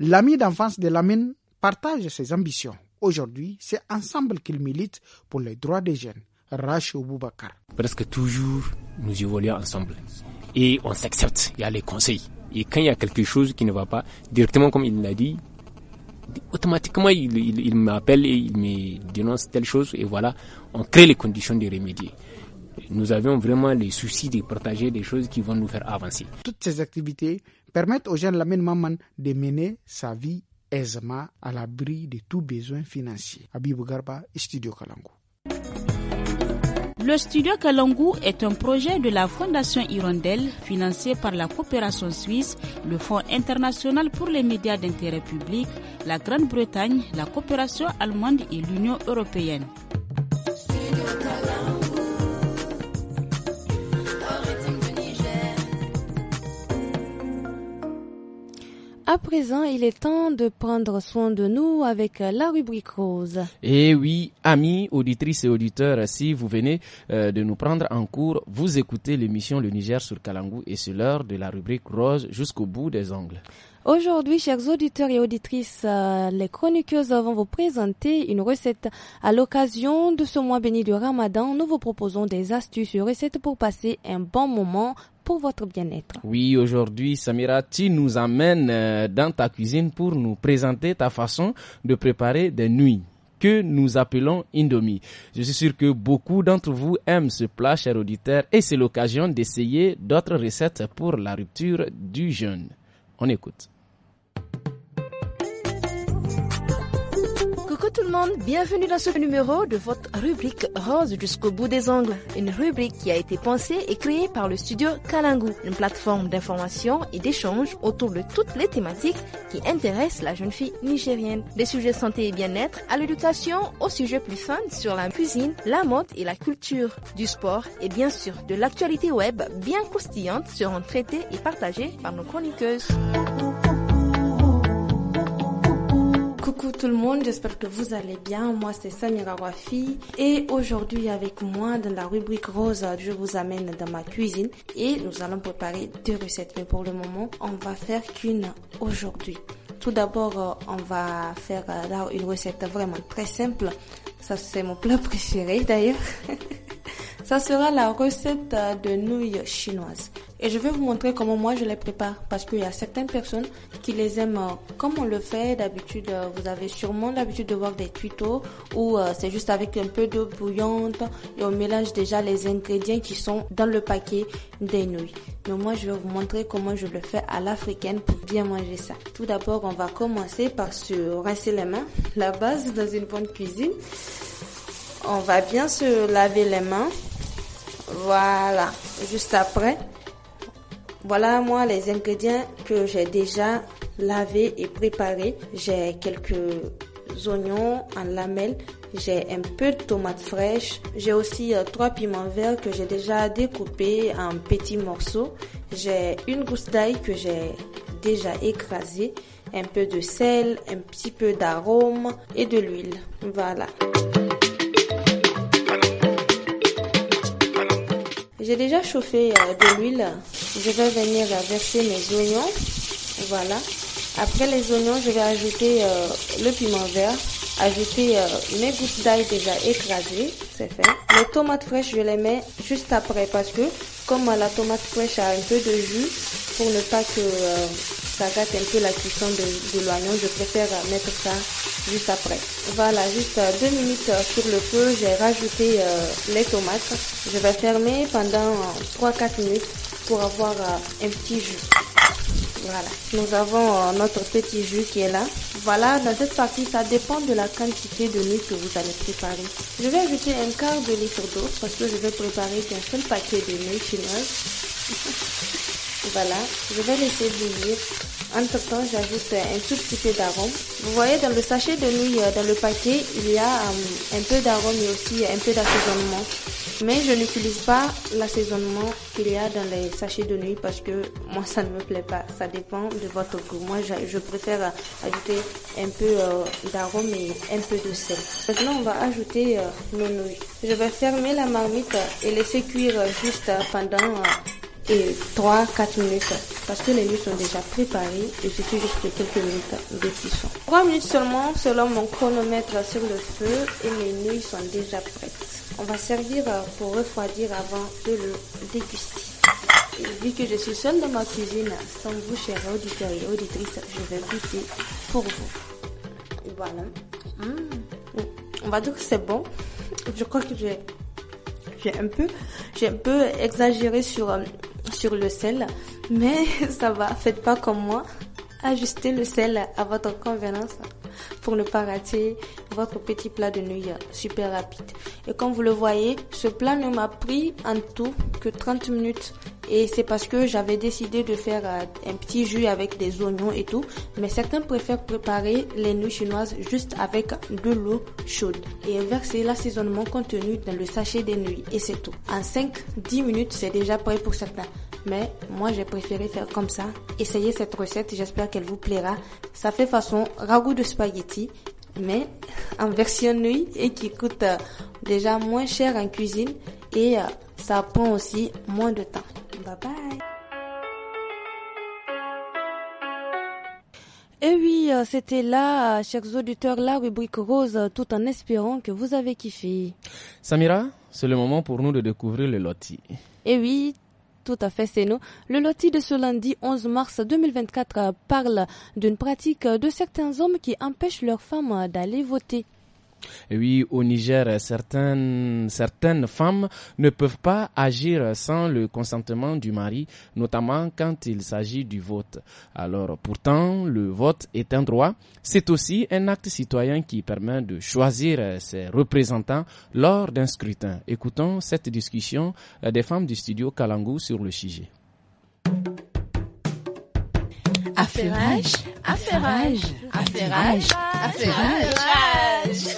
L'ami d'enfance de Lamine partage ses ambitions. Aujourd'hui, c'est ensemble qu'il milite pour les droits des jeunes. Rachou Boubacar. Presque toujours, nous évoluons ensemble. Et on s'accepte. Il y a les conseils. Et quand il y a quelque chose qui ne va pas, directement comme il l'a dit, automatiquement il, il m'appelle et il me dénonce telle chose. Et voilà, on crée les conditions de remédier nous avions vraiment les soucis de partager des choses qui vont nous faire avancer. Toutes ces activités permettent aux jeunes Lamine Maman de mener sa vie aisément à l'abri de tout besoin financier. Abibou Garba, Studio Kalangou. Le studio Kalangu est un projet de la Fondation Hirondelle financé par la coopération suisse, le Fonds international pour les médias d'intérêt public, la Grande-Bretagne, la coopération allemande et l'Union européenne. À présent, il est temps de prendre soin de nous avec la rubrique rose. Et eh oui, amis, auditrices et auditeurs, si vous venez euh, de nous prendre en cours, vous écoutez l'émission Le Niger sur Kalangou et c'est l'heure de la rubrique rose jusqu'au bout des ongles. Aujourd'hui, chers auditeurs et auditrices, euh, les chroniqueuses vont vous présenter une recette. À l'occasion de ce mois béni du Ramadan, nous vous proposons des astuces et recettes pour passer un bon moment pour votre bien-être. Oui, aujourd'hui, Samira, tu nous amènes euh, dans ta cuisine pour nous présenter ta façon de préparer des nuits que nous appelons Indomie. Je suis sûr que beaucoup d'entre vous aiment ce plat, chers auditeurs, et c'est l'occasion d'essayer d'autres recettes pour la rupture du jeûne. On écoute. tout le monde, bienvenue dans ce numéro de votre rubrique Rose jusqu'au bout des ongles, une rubrique qui a été pensée et créée par le studio Kalangu, une plateforme d'information et d'échange autour de toutes les thématiques qui intéressent la jeune fille nigérienne, des sujets santé et bien-être à l'éducation, aux sujets plus fun sur la cuisine, la mode et la culture, du sport et bien sûr de l'actualité web bien croustillante seront traitées et partagées par nos chroniqueuses. Coucou tout le monde, j'espère que vous allez bien. Moi c'est Samira Wafi et aujourd'hui avec moi dans la rubrique rose, je vous amène dans ma cuisine et nous allons préparer deux recettes. Mais pour le moment, on va faire qu'une aujourd'hui. Tout d'abord, euh, on va faire euh, là une recette vraiment très simple. Ça c'est mon plat préféré d'ailleurs. Ça sera la recette de nouilles chinoises. Et je vais vous montrer comment moi je les prépare parce qu'il y a certaines personnes qui les aiment euh, comme on le fait d'habitude. Euh, vous avez sûrement l'habitude de voir des tutos où euh, c'est juste avec un peu d'eau bouillante et on mélange déjà les ingrédients qui sont dans le paquet des nouilles. Mais moi je vais vous montrer comment je le fais à l'africaine pour bien manger ça. Tout d'abord on va commencer par se rincer les mains. La base dans une bonne cuisine. On va bien se laver les mains. Voilà, juste après, voilà moi les ingrédients que j'ai déjà lavés et préparés. J'ai quelques oignons en lamelles, j'ai un peu de tomates fraîches, j'ai aussi euh, trois piments verts que j'ai déjà découpés en petits morceaux, j'ai une gousse d'ail que j'ai déjà écrasée, un peu de sel, un petit peu d'arôme et de l'huile. Voilà. J'ai déjà chauffé euh, de l'huile. Je vais venir verser mes oignons. Voilà. Après les oignons, je vais ajouter euh, le piment vert ajouter euh, mes gouttes d'ail déjà écrasées, c'est fait. Les tomates fraîches, je les mets juste après parce que comme euh, la tomate fraîche a un peu de jus, pour ne pas que euh, ça gâte un peu la cuisson de, l'oignon, je préfère mettre ça juste après. Voilà, juste deux minutes sur le feu, j'ai rajouté les tomates. Je vais fermer pendant 3-4 minutes pour avoir euh, un petit jus. Voilà, nous avons euh, notre petit jus qui est là. Voilà, dans cette partie, ça dépend de la quantité de lait que vous allez préparer. Je vais ajouter un quart de litre d'eau parce que je vais préparer qu'un seul paquet de lait chinoise. voilà, je vais laisser bouillir. Entre temps, j'ajoute un tout petit peu d'arôme. Vous voyez, dans le sachet de nouilles, euh, dans le paquet, il y a un peu d'arôme et aussi un peu d'assaisonnement. Mais je n'utilise pas l'assaisonnement qu'il y a dans les sachets de nuit parce que moi ça ne me plaît pas. Ça dépend de votre goût. Moi je, préfère ajouter un peu euh, d'arôme et un peu de sel. Maintenant on va ajouter nos euh, nouilles. Je vais fermer la marmite et laisser cuire juste pendant euh, et 3-4 minutes parce que les nuits sont déjà préparées et suis juste quelques minutes de cuisson. 3 minutes seulement selon mon chronomètre sur le feu et mes nuits sont déjà prêtes. On va servir pour refroidir avant de le déguster. Et vu que je suis seule dans ma cuisine, sans vous, chers auditeurs et auditrices, je vais goûter pour vous. Voilà. Hmm. On va dire que c'est bon. Je crois que j'ai un peu, j'ai un peu exagéré sur euh, sur le sel, mais ça va, faites pas comme moi. Ajustez le sel à votre convenance pour ne pas rater votre petit plat de nouilles super rapide. Et comme vous le voyez, ce plat ne m'a pris en tout que 30 minutes et c'est parce que j'avais décidé de faire euh, un petit jus avec des oignons et tout. Mais certains préfèrent préparer les nouilles chinoises juste avec de l'eau chaude et verser l'assaisonnement contenu dans le sachet des nouilles. Et c'est tout. En 5-10 minutes, c'est déjà prêt pour certains. Mais moi, j'ai préféré faire comme ça. Essayez cette recette, j'espère qu'elle vous plaira. Ça fait façon ragoût de spaghettis mais en version nuit et qui coûte euh, déjà moins cher en cuisine et euh, ça prend aussi moins de temps. Bye bye. Et eh oui, euh, c'était là, euh, chers auditeurs, la rubrique rose, euh, tout en espérant que vous avez kiffé. Samira, c'est le moment pour nous de découvrir le loti. Et eh oui, tout à fait, c'est nous. Le loti de ce lundi 11 mars 2024 parle d'une pratique de certains hommes qui empêchent leurs femmes d'aller voter oui, au Niger, certaines, certaines femmes ne peuvent pas agir sans le consentement du mari, notamment quand il s'agit du vote. Alors pourtant, le vote est un droit. C'est aussi un acte citoyen qui permet de choisir ses représentants lors d'un scrutin. Écoutons cette discussion des femmes du studio Kalangu sur le sujet. Affairage, affairage, affairage, affairage.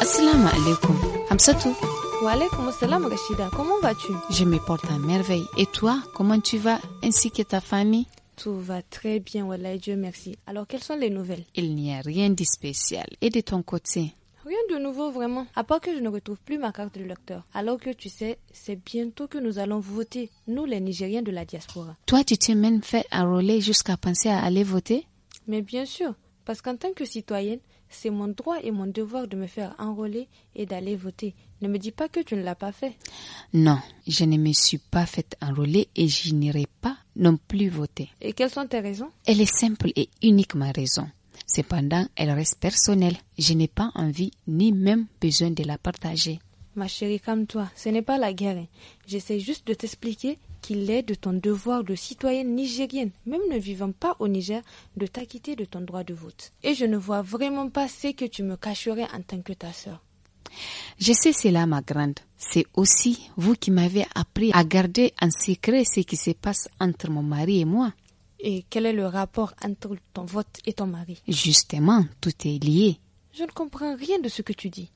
Assalamu alaikum. Hamsatu Comment vas-tu Je me porte à merveille. Et toi, comment tu vas ainsi que ta famille tout va très bien, Wallah, Dieu merci. Alors, quelles sont les nouvelles Il n'y a rien de spécial. Et de ton côté Rien de nouveau vraiment, à part que je ne retrouve plus ma carte de lecteur. Alors que tu sais, c'est bientôt que nous allons voter, nous les Nigériens de la diaspora. Toi, tu t'es même fait enrôler jusqu'à penser à aller voter Mais bien sûr, parce qu'en tant que citoyenne, c'est mon droit et mon devoir de me faire enrôler et d'aller voter. Ne me dis pas que tu ne l'as pas fait. Non, je ne me suis pas faite enrôler et je n'irai pas non plus voter. Et quelles sont tes raisons Elle est simple et unique ma raison. Cependant, elle reste personnelle. Je n'ai pas envie ni même besoin de la partager. Ma chérie, calme-toi, ce n'est pas la guerre. Hein. J'essaie juste de t'expliquer qu'il est de ton devoir de citoyenne nigérienne, même ne vivant pas au Niger, de t'acquitter de ton droit de vote. Et je ne vois vraiment pas ce que tu me cacherais en tant que ta sœur. Je sais cela, ma grande. C'est aussi vous qui m'avez appris à garder en secret ce qui se passe entre mon mari et moi. Et quel est le rapport entre ton vote et ton mari Justement, tout est lié. Je ne comprends rien de ce que tu dis.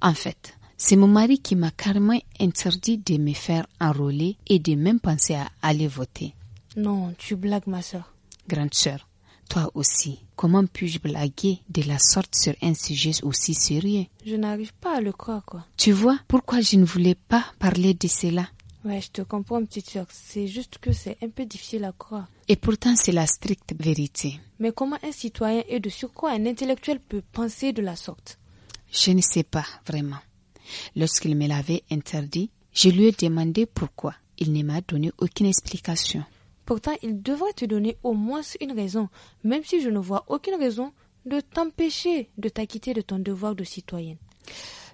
En fait, c'est mon mari qui m'a carrément interdit de me faire enrôler et de même penser à aller voter. Non, tu blagues ma soeur. Grande sœur, toi aussi, comment puis-je blaguer de la sorte sur un sujet aussi sérieux Je n'arrive pas à le croire, quoi. Tu vois pourquoi je ne voulais pas parler de cela Ouais, je te comprends, petite soeur. C'est juste que c'est un peu difficile à croire. Et pourtant, c'est la stricte vérité. Mais comment un citoyen et de surcroît un intellectuel peut penser de la sorte Je ne sais pas, vraiment. Lorsqu'il me l'avait interdit, je lui ai demandé pourquoi. Il ne m'a donné aucune explication. Pourtant, il devrait te donner au moins une raison, même si je ne vois aucune raison de t'empêcher de t'acquitter de ton devoir de citoyenne.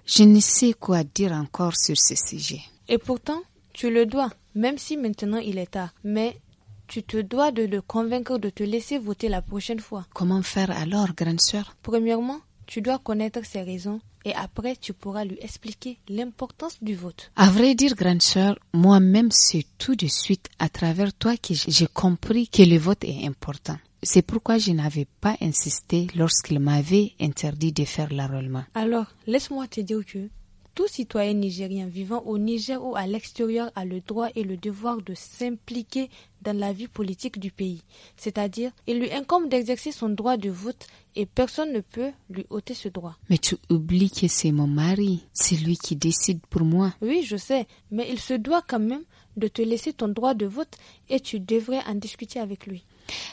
Je ne sais quoi dire encore sur ce sujet. Et pourtant, tu le dois, même si maintenant il est tard. Mais tu te dois de le convaincre de te laisser voter la prochaine fois. Comment faire alors, grande sœur Premièrement, tu dois connaître ses raisons et après tu pourras lui expliquer l'importance du vote. À vrai dire, grande sœur, moi-même c'est tout de suite à travers toi que j'ai compris que le vote est important. C'est pourquoi je n'avais pas insisté lorsqu'il m'avait interdit de faire l'enrôlement. Alors, laisse-moi te dire que tout citoyen nigérien vivant au Niger ou à l'extérieur a le droit et le devoir de s'impliquer dans la vie politique du pays, c'est-à-dire il lui incombe d'exercer son droit de vote et personne ne peut lui ôter ce droit. Mais tu oublies que c'est mon mari, c'est lui qui décide pour moi. Oui, je sais, mais il se doit quand même de te laisser ton droit de vote et tu devrais en discuter avec lui.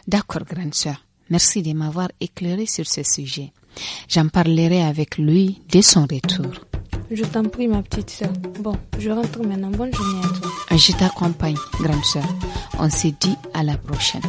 D'accord, grande soeur. Merci de m'avoir éclairé sur ce sujet. J'en parlerai avec lui dès son retour. Je t'en prie, ma petite soeur. Bon, je rentre maintenant. Bonne journée à toi. Je t'accompagne, grande soeur. On se dit à la prochaine.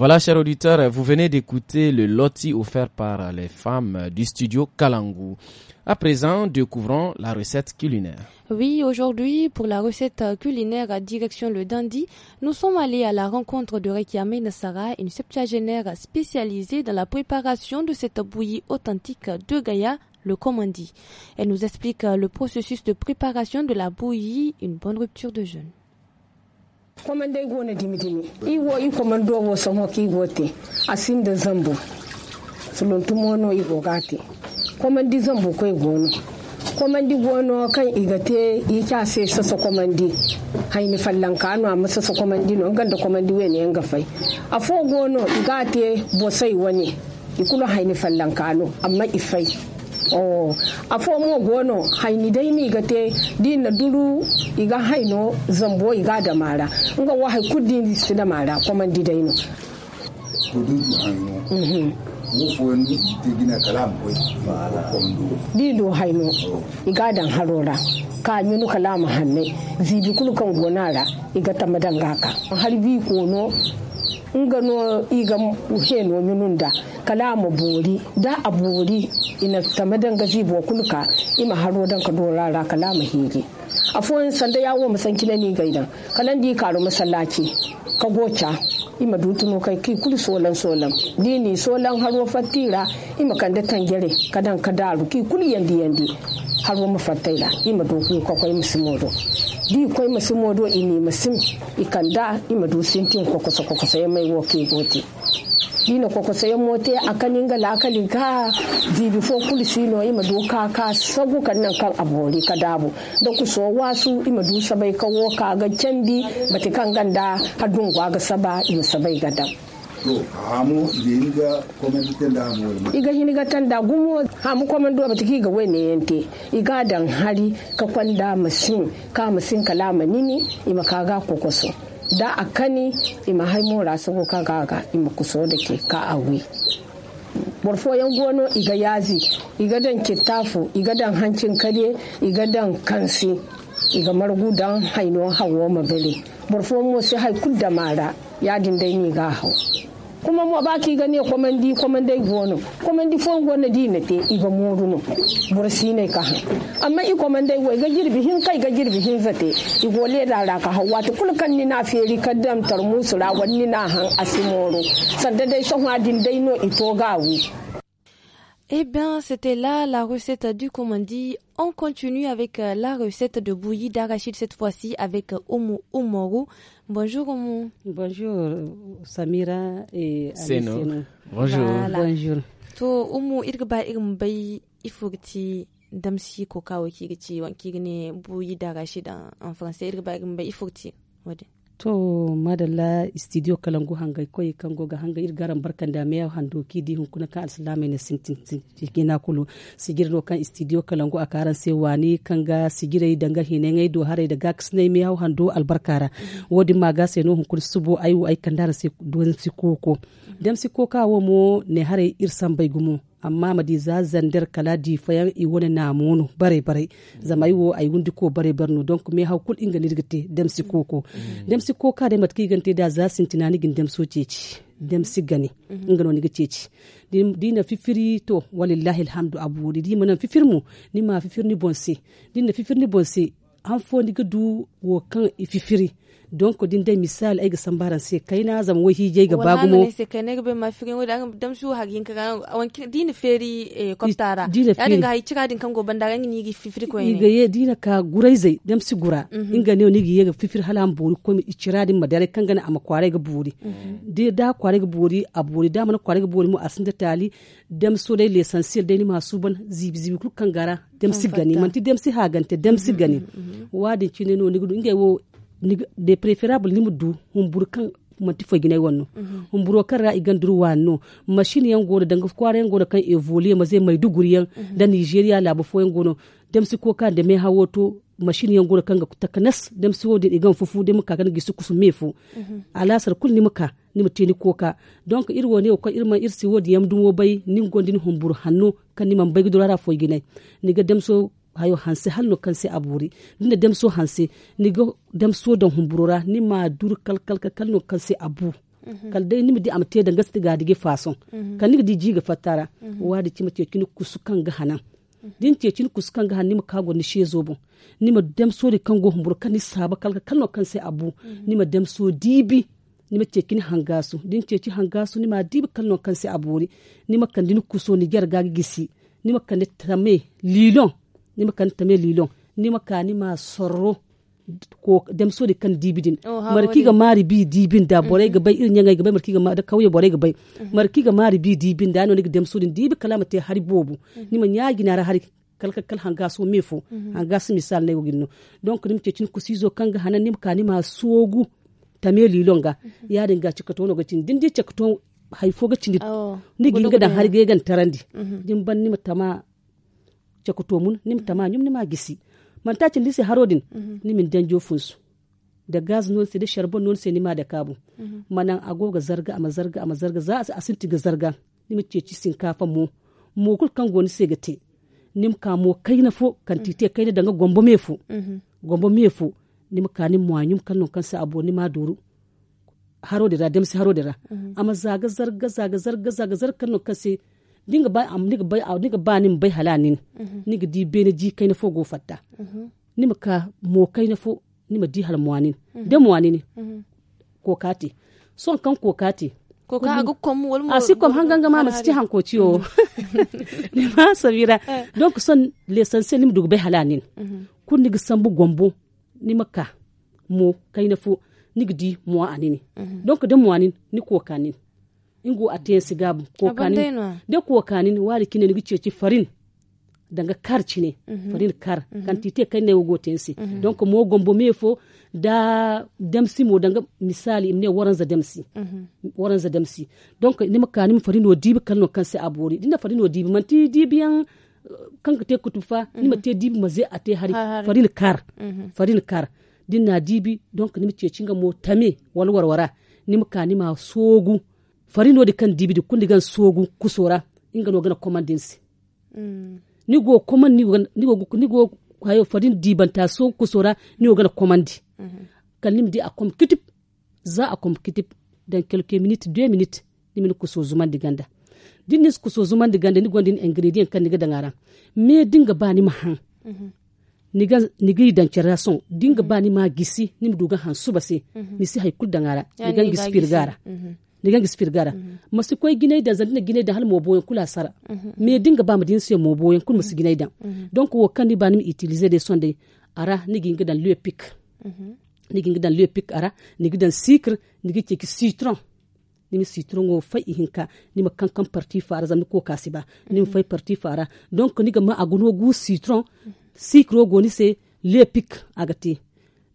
Voilà, chers auditeurs, vous venez d'écouter le loti offert par les femmes du studio Kalangu. À présent, découvrons la recette culinaire. Oui, aujourd'hui, pour la recette culinaire à direction le Dandy, nous sommes allés à la rencontre de Rekiame Nassara, une septuagénaire spécialisée dans la préparation de cette bouillie authentique de Gaïa, le commandi. Elle nous explique le processus de préparation de la bouillie, une bonne rupture de jeûne. komanda igo dimidimi igo i komando wo songo ki igo te asin da zambu sulun tumono igo gati komandi zambu ko igo no komandi gono kan igate i kya se sasa komandi haini fallan ka ma amma sasa komandi no ganda komandi we ne yanga fai afo gono igate bosai wani ikulu haini fallan ka anu amma ifai o oh, a fo mo gono haini dai mi gate din na duru iga haino zambo iga da mara nga wa hai kudin su da mara kuma di dai no kudin haino mhm. wofon ite gina kalam koy di do hayno igadan harora ka nyunu kalama hanne zibi kulu kan gonara iga tamadan gaka har bi kono in gano iga nomi no da kala mu bori da a bori ina tamadan gazi bo kulka ima haro dan ka dorara kala mu hige a fuwan sanda ya yawo musankila ni gaidan kalandi karu masallaci ka goca ima dutuno kai kai kuli solan solan ni solan haro fatira ima kan da tangere kadan daru kai kuli yandi yandi haro mafattaila ima doku ka kai musimodo di kai musimodo ini musim ikanda ima dusintin kokoso kokoso mai ke gote ina yan mota a kanin ga lakalin ka ga fo kuli sino ima do ka ka sagu kan nan kan abori ka dabu da ku so wasu ima du sabai ka wo ka ga cambi bati kan ganda hadun gwa ga saba ima sabai ga hamu da yiga komando tanda iga hiniga tanda gumo hamu komando bati ki ga wani yante iga dan hari ka kwanda masin ka masin kalama nini ima ka ga kokoso da a kani ima haimora rasu ka gaga ima kuso da ke ka awi borfo yan gono iga yazi iga dan kitafu iga dan hancin kare iga dan kansi iga margu dan haino hawo mabele borfo mo sai haiku da mara yadin dai ni ga hau kuma mo ba ki gani komandi komande gono komandi fo gono di te iga modu no bursi ne ka amma i komande wai ga girbi hin kai ga girbi hin zate i gole da ra ka hawa to kul kan ni na feri kaddam tar musura ra wanni na han asimoro sanda dai so din dai no ito Eh bien, c'était là la recette du commandi. On continue avec euh, la recette de bouillie d'arachide cette fois-ci avec euh, Omo Omoru. Bonjour Oumou. Bonjour Samira et Seno. Bonjour. Voilà. Bonjour. To Oumou irgba irmbai ifurti damsi ko kawo kirci wankirne buyi daga shida en français irgba irmbai ifurti wadi. to madalla studio kalangu hangai koy kango ga hanga ir garan barkan da hando ki di hun kuna kan alsalama ne sintin sintin na kulu sigirno kan studio kalangu a karan sai wani kanga sigire danga hine ngai do hare da gax ne meya hando albarkara wodi maga sai no hun kun subo ayu ay kandara sai don sikoko dam sikoko wo mo ne hare ir sambai gumo amma madi za zandar kala di fayan i wona na mono bare bare zama i wo ay wundi ko bare bare no donc me hawkul inga nirgite dem si koko dem si koka de matki gante da za sintinani gin dem so ceci dem si gani inga no niga dina fifiri to walillahi alhamdu abu di mana fifirmu ni ma fifirni bonse dina fifirni bonse an fo niga du wo kan i fifiri donc din dai misal ai ga gasan baran kai na zama wahi hije ga bagumo wala se kaina be ma firin an dam su hagin ka wan dina feri e koptara ya dinga hay cika din kan go bandara ni gi fifir ko ni ye dina ka gurai zai dam si gura mhm. in ga ne ni gi ye ga fifir halan buri ko mi icira din madare kan gana am kware ga buri mhm. de da kware ga buri a buri da man kware ga buri mu asin da tali dam su dai lesansiel dai ni masu ban zibi zibi kul kan gara dam si gani man ti dam si hagante dam si mhm, gani wadin cine no ni gudu inga wo de préférable ni mudu humbur kan manti fo gina wonno mhm. humburo kan ra igan duru wanno machine yan godo danga kwara yan godo kan evoluer ma zai mai duguri yan mhm. da Nigeria labo fo yan gono dem si ko kan da me hawoto machine yan godo kan ga takanas dem si wodi igan fufu dem ka kan gi su kusu mefu mhm. alasar kul ni muka ni mu teni koka donc ir woni ko ir ma ir si wodi yam dum wo bay nin gondin humbur hanno kan ni man bay gudura ra fo gina ni ga dem so hayo hanse halno kanse aburi dinda demso hanse ni nigo demso da humburora ni ma dur kal kal kal no kanse abu mhm. kal dai mi di amte da gasti ga dige fason mhm. kan ni di jiga fatara mhm. wadi cima te kinu kusukan ga hanan din te kini kusukan ga hanima kago ni she zobo nima demso de kango humbur kan ni saba kal kal no kanse abu nima demso dibi nima kinu hangasu din ceci hangasu ma dibi kalno kanse aburi ma kan dinu kuso ni ga gisi ni ma kan tame lilon ni ma kan tame lilon ni ma ka ni ma sorro ko dem so de kan dibidin oh, marki ga mari bi dibin da bore mm-hmm. ga bai irin yanga ga bai marki ga da kauye bore ga bai marki mm-hmm. ga mari bi dibin da no ne dem so din dibi kalama te hari bobu mm-hmm. ni ma nyaagi na ra hari kal kal kal hanga so mefo hanga so misal ne gogin no donc nim cecin ku sizo kan ga hanan nim ka ni ma sogu tame lilon ga oh, ya dinga cikato no gacin din je cikato haifo tin ni ginga da har gan tarandi din ban ni ma tama ceko tomun nim tama nyum nima gisi man ta cin lisi harodin mhm. min danjo funsu da gas non sai da sharbon non sai ma da kabu mhm. manan agoga zarga ama zarga ama zarga za a asinti ga zarga ni nima ceci sinkafa mu mu kul kan goni sai gate nim ka mo kai na fo kan mhm. tite kai da danga gombo me fo gombo me fo nim ka ni mo anyum kan non kan sa abo ma duru haro da dem sai haro da amma zaga zarga zaga zarga zaga zarga kan non kan sai dinga ba am niga bai niga ba nin bai mhm. halanin niga di bene ji kai na fo go fatta mhm. nima ka mo kai na fo nima di hal muwanin mhm. de muwanin ko kati son kan ko kati ko ka ga kom wal mu asi ah, kom hanganga ma ma ci hanko ciyo ni ma sabira eh. donc son l'essentiel nima dugu bai halanin kun niga sambu gombo nima ka mo kai na fo niga di muwa anini donc de muwanin ni ko kanin ingo aten gabu ko kani de ko ni wali kine ni gice farin danga kar cine mhm. farin kar mm -hmm. kan tite kai ne wogo tensi mm donc mo gombo me fo da demsi mo danga misali imne waranza demsi mm za waranza demsi donc ne makanim farin wo dibi kan kanse abori dina farin wo dibi man ti eh, kan ka te kutufa fa mhm. ni ma te dibi maze ate hari, hari. farin kar mhm. farin kar dinna dibi donc nimi nga mo tame wal warwara nima ma sogu farin wodi kan dibidi kundi sogu kusora inga no gana komandinsi mm. ni go komand ni go ni hayo farin dibanta sogu kusora ni go gana komandi mm -hmm. kan nimdi akom kitip za akom kitip dan quelques minutes 2 minutes ni kuso zuman diganda din kuso zuman diganda ni gondin ingredient kan niga dangara me dinga bani mahan mm -hmm. niga nigi dan cerrason dinga mm -hmm. bani ma gisi nim duga han mm -hmm. nisi haykul dangara yani niga gisi pirgara mm -hmm. ligan gisfir gara mhm. masu koy ginai da dina gina da hal mo boyen kula sara mhm. me dinga ba madin se mo boyen kun masu mhm. ginai da donc wo ni ba nim utiliser des sonde ara ni ginga dan le pic ni ginga dan le pic ara ni ginga dan sucre ni ginga ci citron ni citron nimi sitrongo fai ihinka nima kankan parti fara zan ko kasiba ni fai parti fara donc ga ma aguno gu citron sucre goni se le pic agati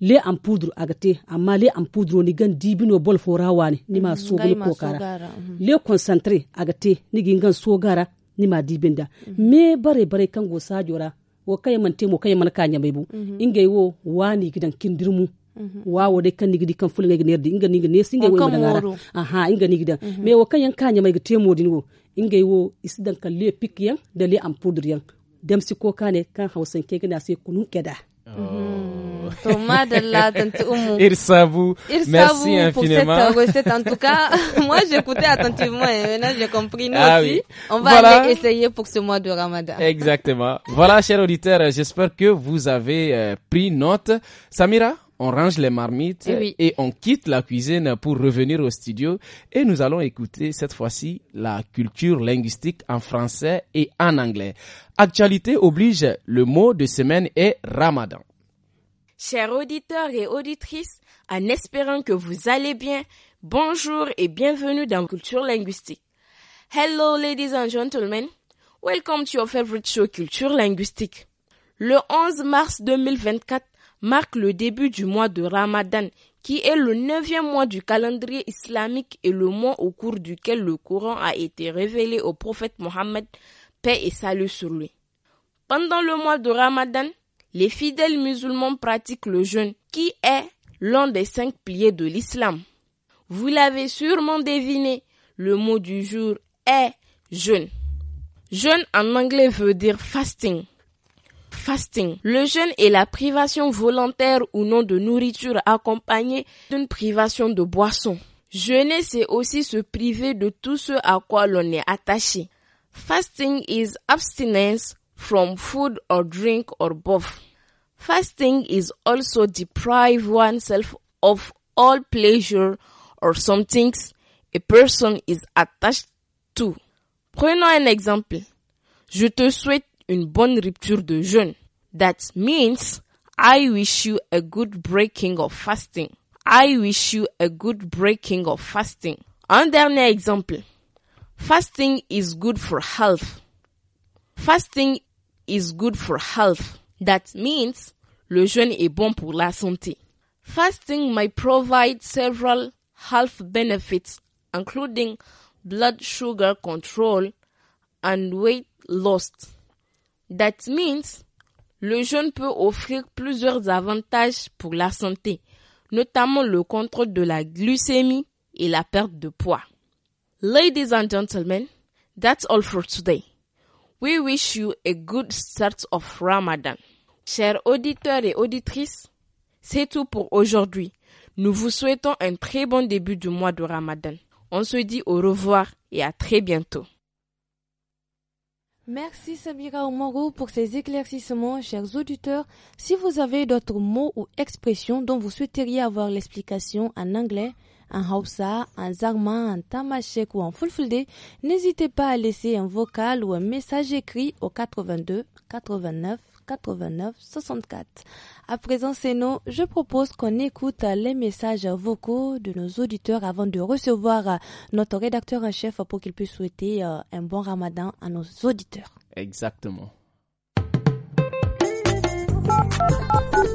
le an poudre agate amma le an poudre ni gan dibino bol wani ni ma sogol ko kara le concentré agate ni gin gan gara ni ma dibinda mhm. me bare bare kan go sajora wo kay man temo kay man kanya mebu mhm. inge wo wani gidan kindirmu mhm. wawo de kan nigidi kan fulnga ngerdi inga ninga ne singa wo madangara aha inga nigida me wo yan kanya mai temo din wo inge wo isdan kan le pik yan le an poudre yan dem si ko kane kan hausan ke sai kunun keda Mm-hmm. Oh. Il s'avoue, Merci infiniment. En tout cas, moi, j'écoutais attentivement et maintenant j'ai compris. Nous ah on va aller essayer pour ce mois de Ramadan. Exactement. voilà, chers auditeurs, j'espère que vous avez euh, pris note. Samira? on range les marmites eh et, on quitte la cuisine pour revenir au studio et nous allons écouter cette fois-ci la culture linguistique en français et en anglais. Actualité oblige, le mot de semaine est Ramadan. Chers auditeurs et auditrices, en espérant que vous allez bien, bonjour et bienvenue dans Culture Linguistique. Hello ladies and gentlemen, welcome to your favorite show Culture Linguistique. Le 11 mars 2024 marque le début du mois de Ramadan, qui est le neuvième mois du calendrier islamique et le mois au cours duquel le Coran a été révélé au prophète Mohammed et salut sur lui. Pendant le mois de Ramadan, les fidèles musulmans pratiquent le jeûne, qui est l'un des cinq piliers de l'islam. Vous l'avez sûrement deviné, le mot du jour est jeûne. Jeûne en anglais veut dire fasting. Fasting. Le jeûne est la privation volontaire ou non de nourriture accompagnée d'une privation de boisson. Jeûner, c'est aussi se priver de tout ce à quoi l'on est attaché. Fasting is abstinence from food or drink or both. Fasting is also deprive oneself of all pleasure or some things a person is attached to. Prenons un exemple. Je te souhaite une bonne rupture de jeûne. That means I wish you a good breaking of fasting. I wish you a good breaking of fasting. Un dernier exemple. Fasting is good for health. Fasting is good for health. That means le jeûne est bon pour la santé. Fasting may provide several health benefits, including blood sugar control and weight loss. That means le jeûne peut offrir plusieurs avantages pour la santé, notamment le contrôle de la glycémie et la perte de poids. Ladies and gentlemen, that's all for today. We wish you a good start of Ramadan. Chers auditeurs et auditrices, c'est tout pour aujourd'hui. Nous vous souhaitons un très bon début du mois de Ramadan. On se dit au revoir et à très bientôt. Merci Sabira Omaro pour ces éclaircissements, chers auditeurs. Si vous avez d'autres mots ou expressions dont vous souhaiteriez avoir l'explication en anglais, en Hausa, en Zarma, en Tamashek ou en Fulfulde, n'hésitez pas à laisser un vocal ou un message écrit au 82 89 89 64. À présent, c'est nous. Je propose qu'on écoute les messages vocaux de nos auditeurs avant de recevoir notre rédacteur en chef pour qu'il puisse souhaiter euh, un bon ramadan à nos auditeurs. Exactement.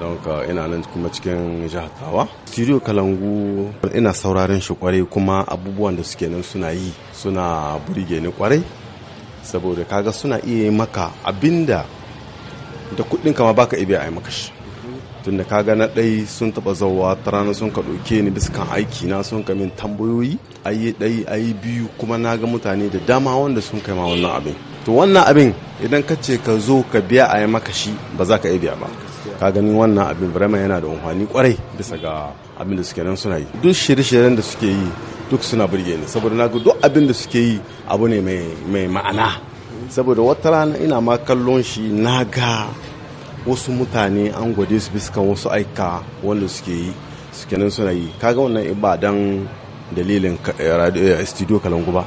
don ina nan kuma cikin jihar tawa studio kalangu ina sauraren shi kwarai kuma abubuwan da suke nan suna yi suna burge ni kwarai saboda kaga suna iya yi maka abinda da kudin kama baka ibe a maka shi tunda kaga na ɗai sun taba zauwa ta rana sun ka ɗauke ni bisa aiki na sun ka min tambayoyi ayi ɗai ayi biyu kuma na ga mutane da dama wanda sun kai ma wannan abin to wannan abin idan ka ce ka zo ka biya a yi maka shi ba za ka iya biya ba ka gani wannan abin vraiment yana da amfani kwarai bisa ga abin da suke nan suna yi duk shirye-shiryen da suke yi duk suna burge ni saboda na duk abin da suke yi abu ne mai ma'ana saboda wata rana ina ma kallon shi na ga wasu mutane an gwade su bisa wasu aika wanda suke yi suke nan suna yi kaga wannan dalilin dan dalilin eh, eh, studio kalangu ba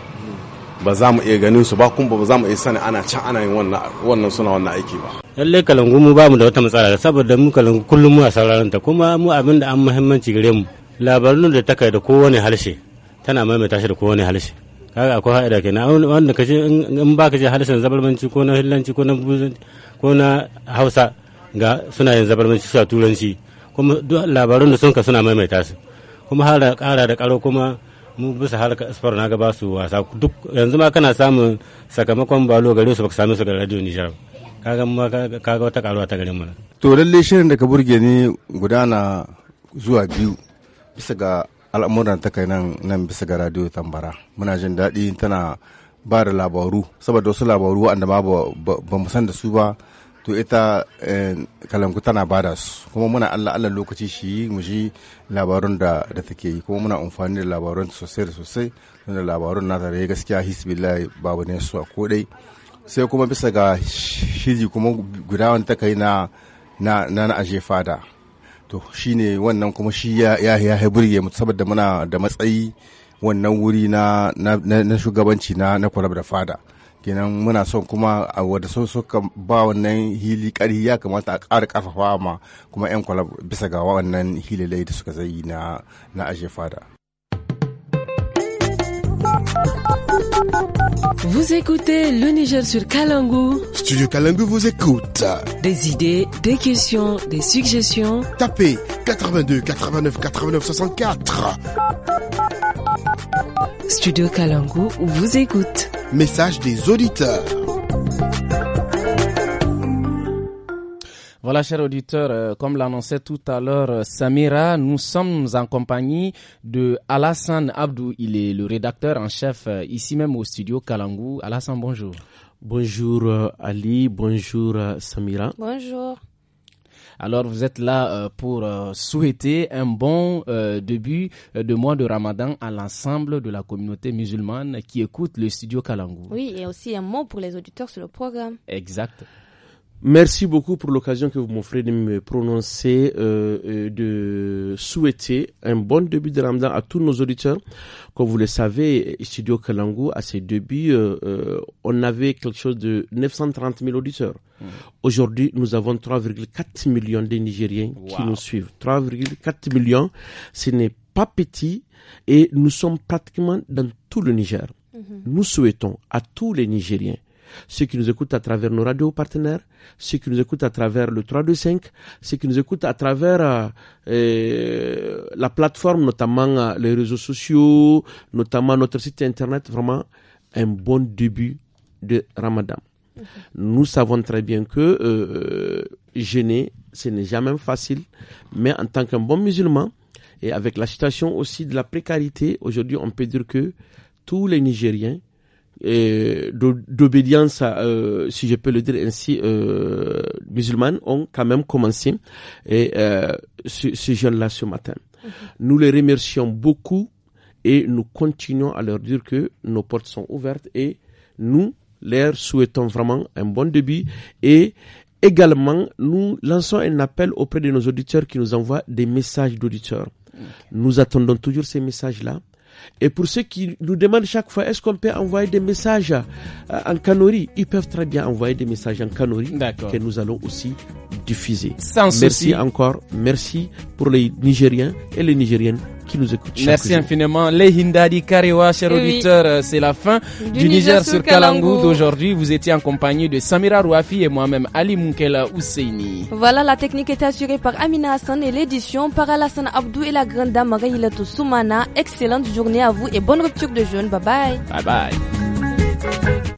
ba za mu iya ganin su ba kuma ba za mu iya sani ana can ana yin wannan suna wannan aiki ba lallai kalangu mu ba mu da wata matsala saboda mu kalangu kullum mu a sauraron ta kuma mu abin da an muhimmanci gare mu labarin da ta kai da kowane harshe tana maimaita shi da kowane harshe kaga akwai haɗa ke na wanda kaje in ba ka je harshen zabarmanci ko na hillanci ko na ko na hausa ga suna yin zabarmanci suna turanci kuma duk labarun da sun ka suna maimaita su kuma har da ƙara da ƙaro kuma mu bisa harkar asfar na gaba su wasa duk yanzu ma kana samun sakamakon balo gare su baka same su ga radio Nijar kaga ma kaga wata karuwa ta garin mu to lalle shirin da ka burge ni gudana zuwa biyu bisa ga al'amuran ta kai nan nan bisa ga radio Tambara muna jin daɗi tana ba da labaru saboda wasu labaru wanda ba ba mu san da su ba to ita eh, kalanku tana bada su kuma muna allah allah lokaci shi mu shi labarun da da take yi kuma muna amfani da labarun sosai da sosai da labarun nata da gaskiya hisbillah babu ne su a kodai sai kuma bisa ga shiri kuma guda wani ta kai na na na aje fada to shine wannan kuma shi ya ya ya burge mu saboda muna da matsayi wannan wuri na na shugabanci na na kwalab da fada muna son kuma a ba wannan hili ya kamata a ƙara kuma bisa ga wannan da suka zai na na fada Vous écoutez le Niger sur Kalangu. Studio Kalangu vous écoute. Des idées, des questions, des suggestions. Tapez 82 89 89 64. Studio Kalangu vous écoute. Message des auditeurs. Voilà, chers auditeurs, euh, comme l'annonçait tout à l'heure euh, Samira, nous sommes en compagnie de Alassane Abdou. Il est le rédacteur en chef euh, ici même au studio Kalangou. Alassane, bonjour. Bonjour Ali, bonjour Samira. Bonjour. Alors vous êtes là euh, pour euh, souhaiter un bon euh, début de mois de Ramadan à l'ensemble de la communauté musulmane qui écoute le studio Kalangou. Oui, et aussi un mot pour les auditeurs sur le programme. Exact. Merci beaucoup pour l'occasion que vous m'offrez de me prononcer, euh, euh, de souhaiter un bon début de Ramadan à tous nos auditeurs. Comme vous le savez, Studio Kalangu, à ses débuts, euh, euh, on avait quelque chose de 930 000 auditeurs. Hmm. Aujourd'hui, nous avons 3,4 millions de Nigériens qui nous suivent. 3,4 millions, ce n'est pas petit et nous sommes pratiquement dans tout le Niger. Mhm. Nous souhaitons à tous les Nigériens ceux qui nous écoutent à travers nos radios partenaires, ceux qui nous écoutent à travers le 325, ceux qui nous écoutent à travers euh, la plateforme, notamment euh, les réseaux sociaux, notamment notre site internet, vraiment un bon début de Ramadan. Nous savons très bien que euh, euh, jeûner, ce n'est jamais facile, mais en tant qu'un bon musulman, et avec la situation aussi de la précarité, aujourd'hui on peut dire que tous les Nigériens d'obédience, euh, si je peux le dire ainsi, euh, ont quand même commencé et, euh, ce, ce là ce matin. Mhm. Nous les remercions beaucoup et nous continuons à leur dire que nos portes sont ouvertes et nous leur souhaitons vraiment un bon début et également nous lançons un appel auprès de nos auditeurs qui nous envoient des messages d'auditeurs. Nous attendons toujours ces messages-là. Et pour ceux qui nous demandent chaque fois, est-ce qu'on peut envoyer des messages euh, en Canorie? Ils peuvent très bien envoyer des messages en Canorie que nous allons aussi diffuser. Sans merci encore. Merci pour les Nigériens et les Nigériennes qui nous écoutent. Merci infiniment. Les Hindadi Karewa, chers auditeurs, euh, c'est la fin du, Niger, sur Kalangou d'aujourd'hui. Vous étiez en compagnie de Samira Rouafi et moi-même Ali Moukela Ousseini. Voilà, la technique est assurée par Amina Hassan et l'édition par Alassane Abdou et la grande dame Soumana. Excellente journée à vous et bonne rupture de jeûne. Bye bye. Bye bye.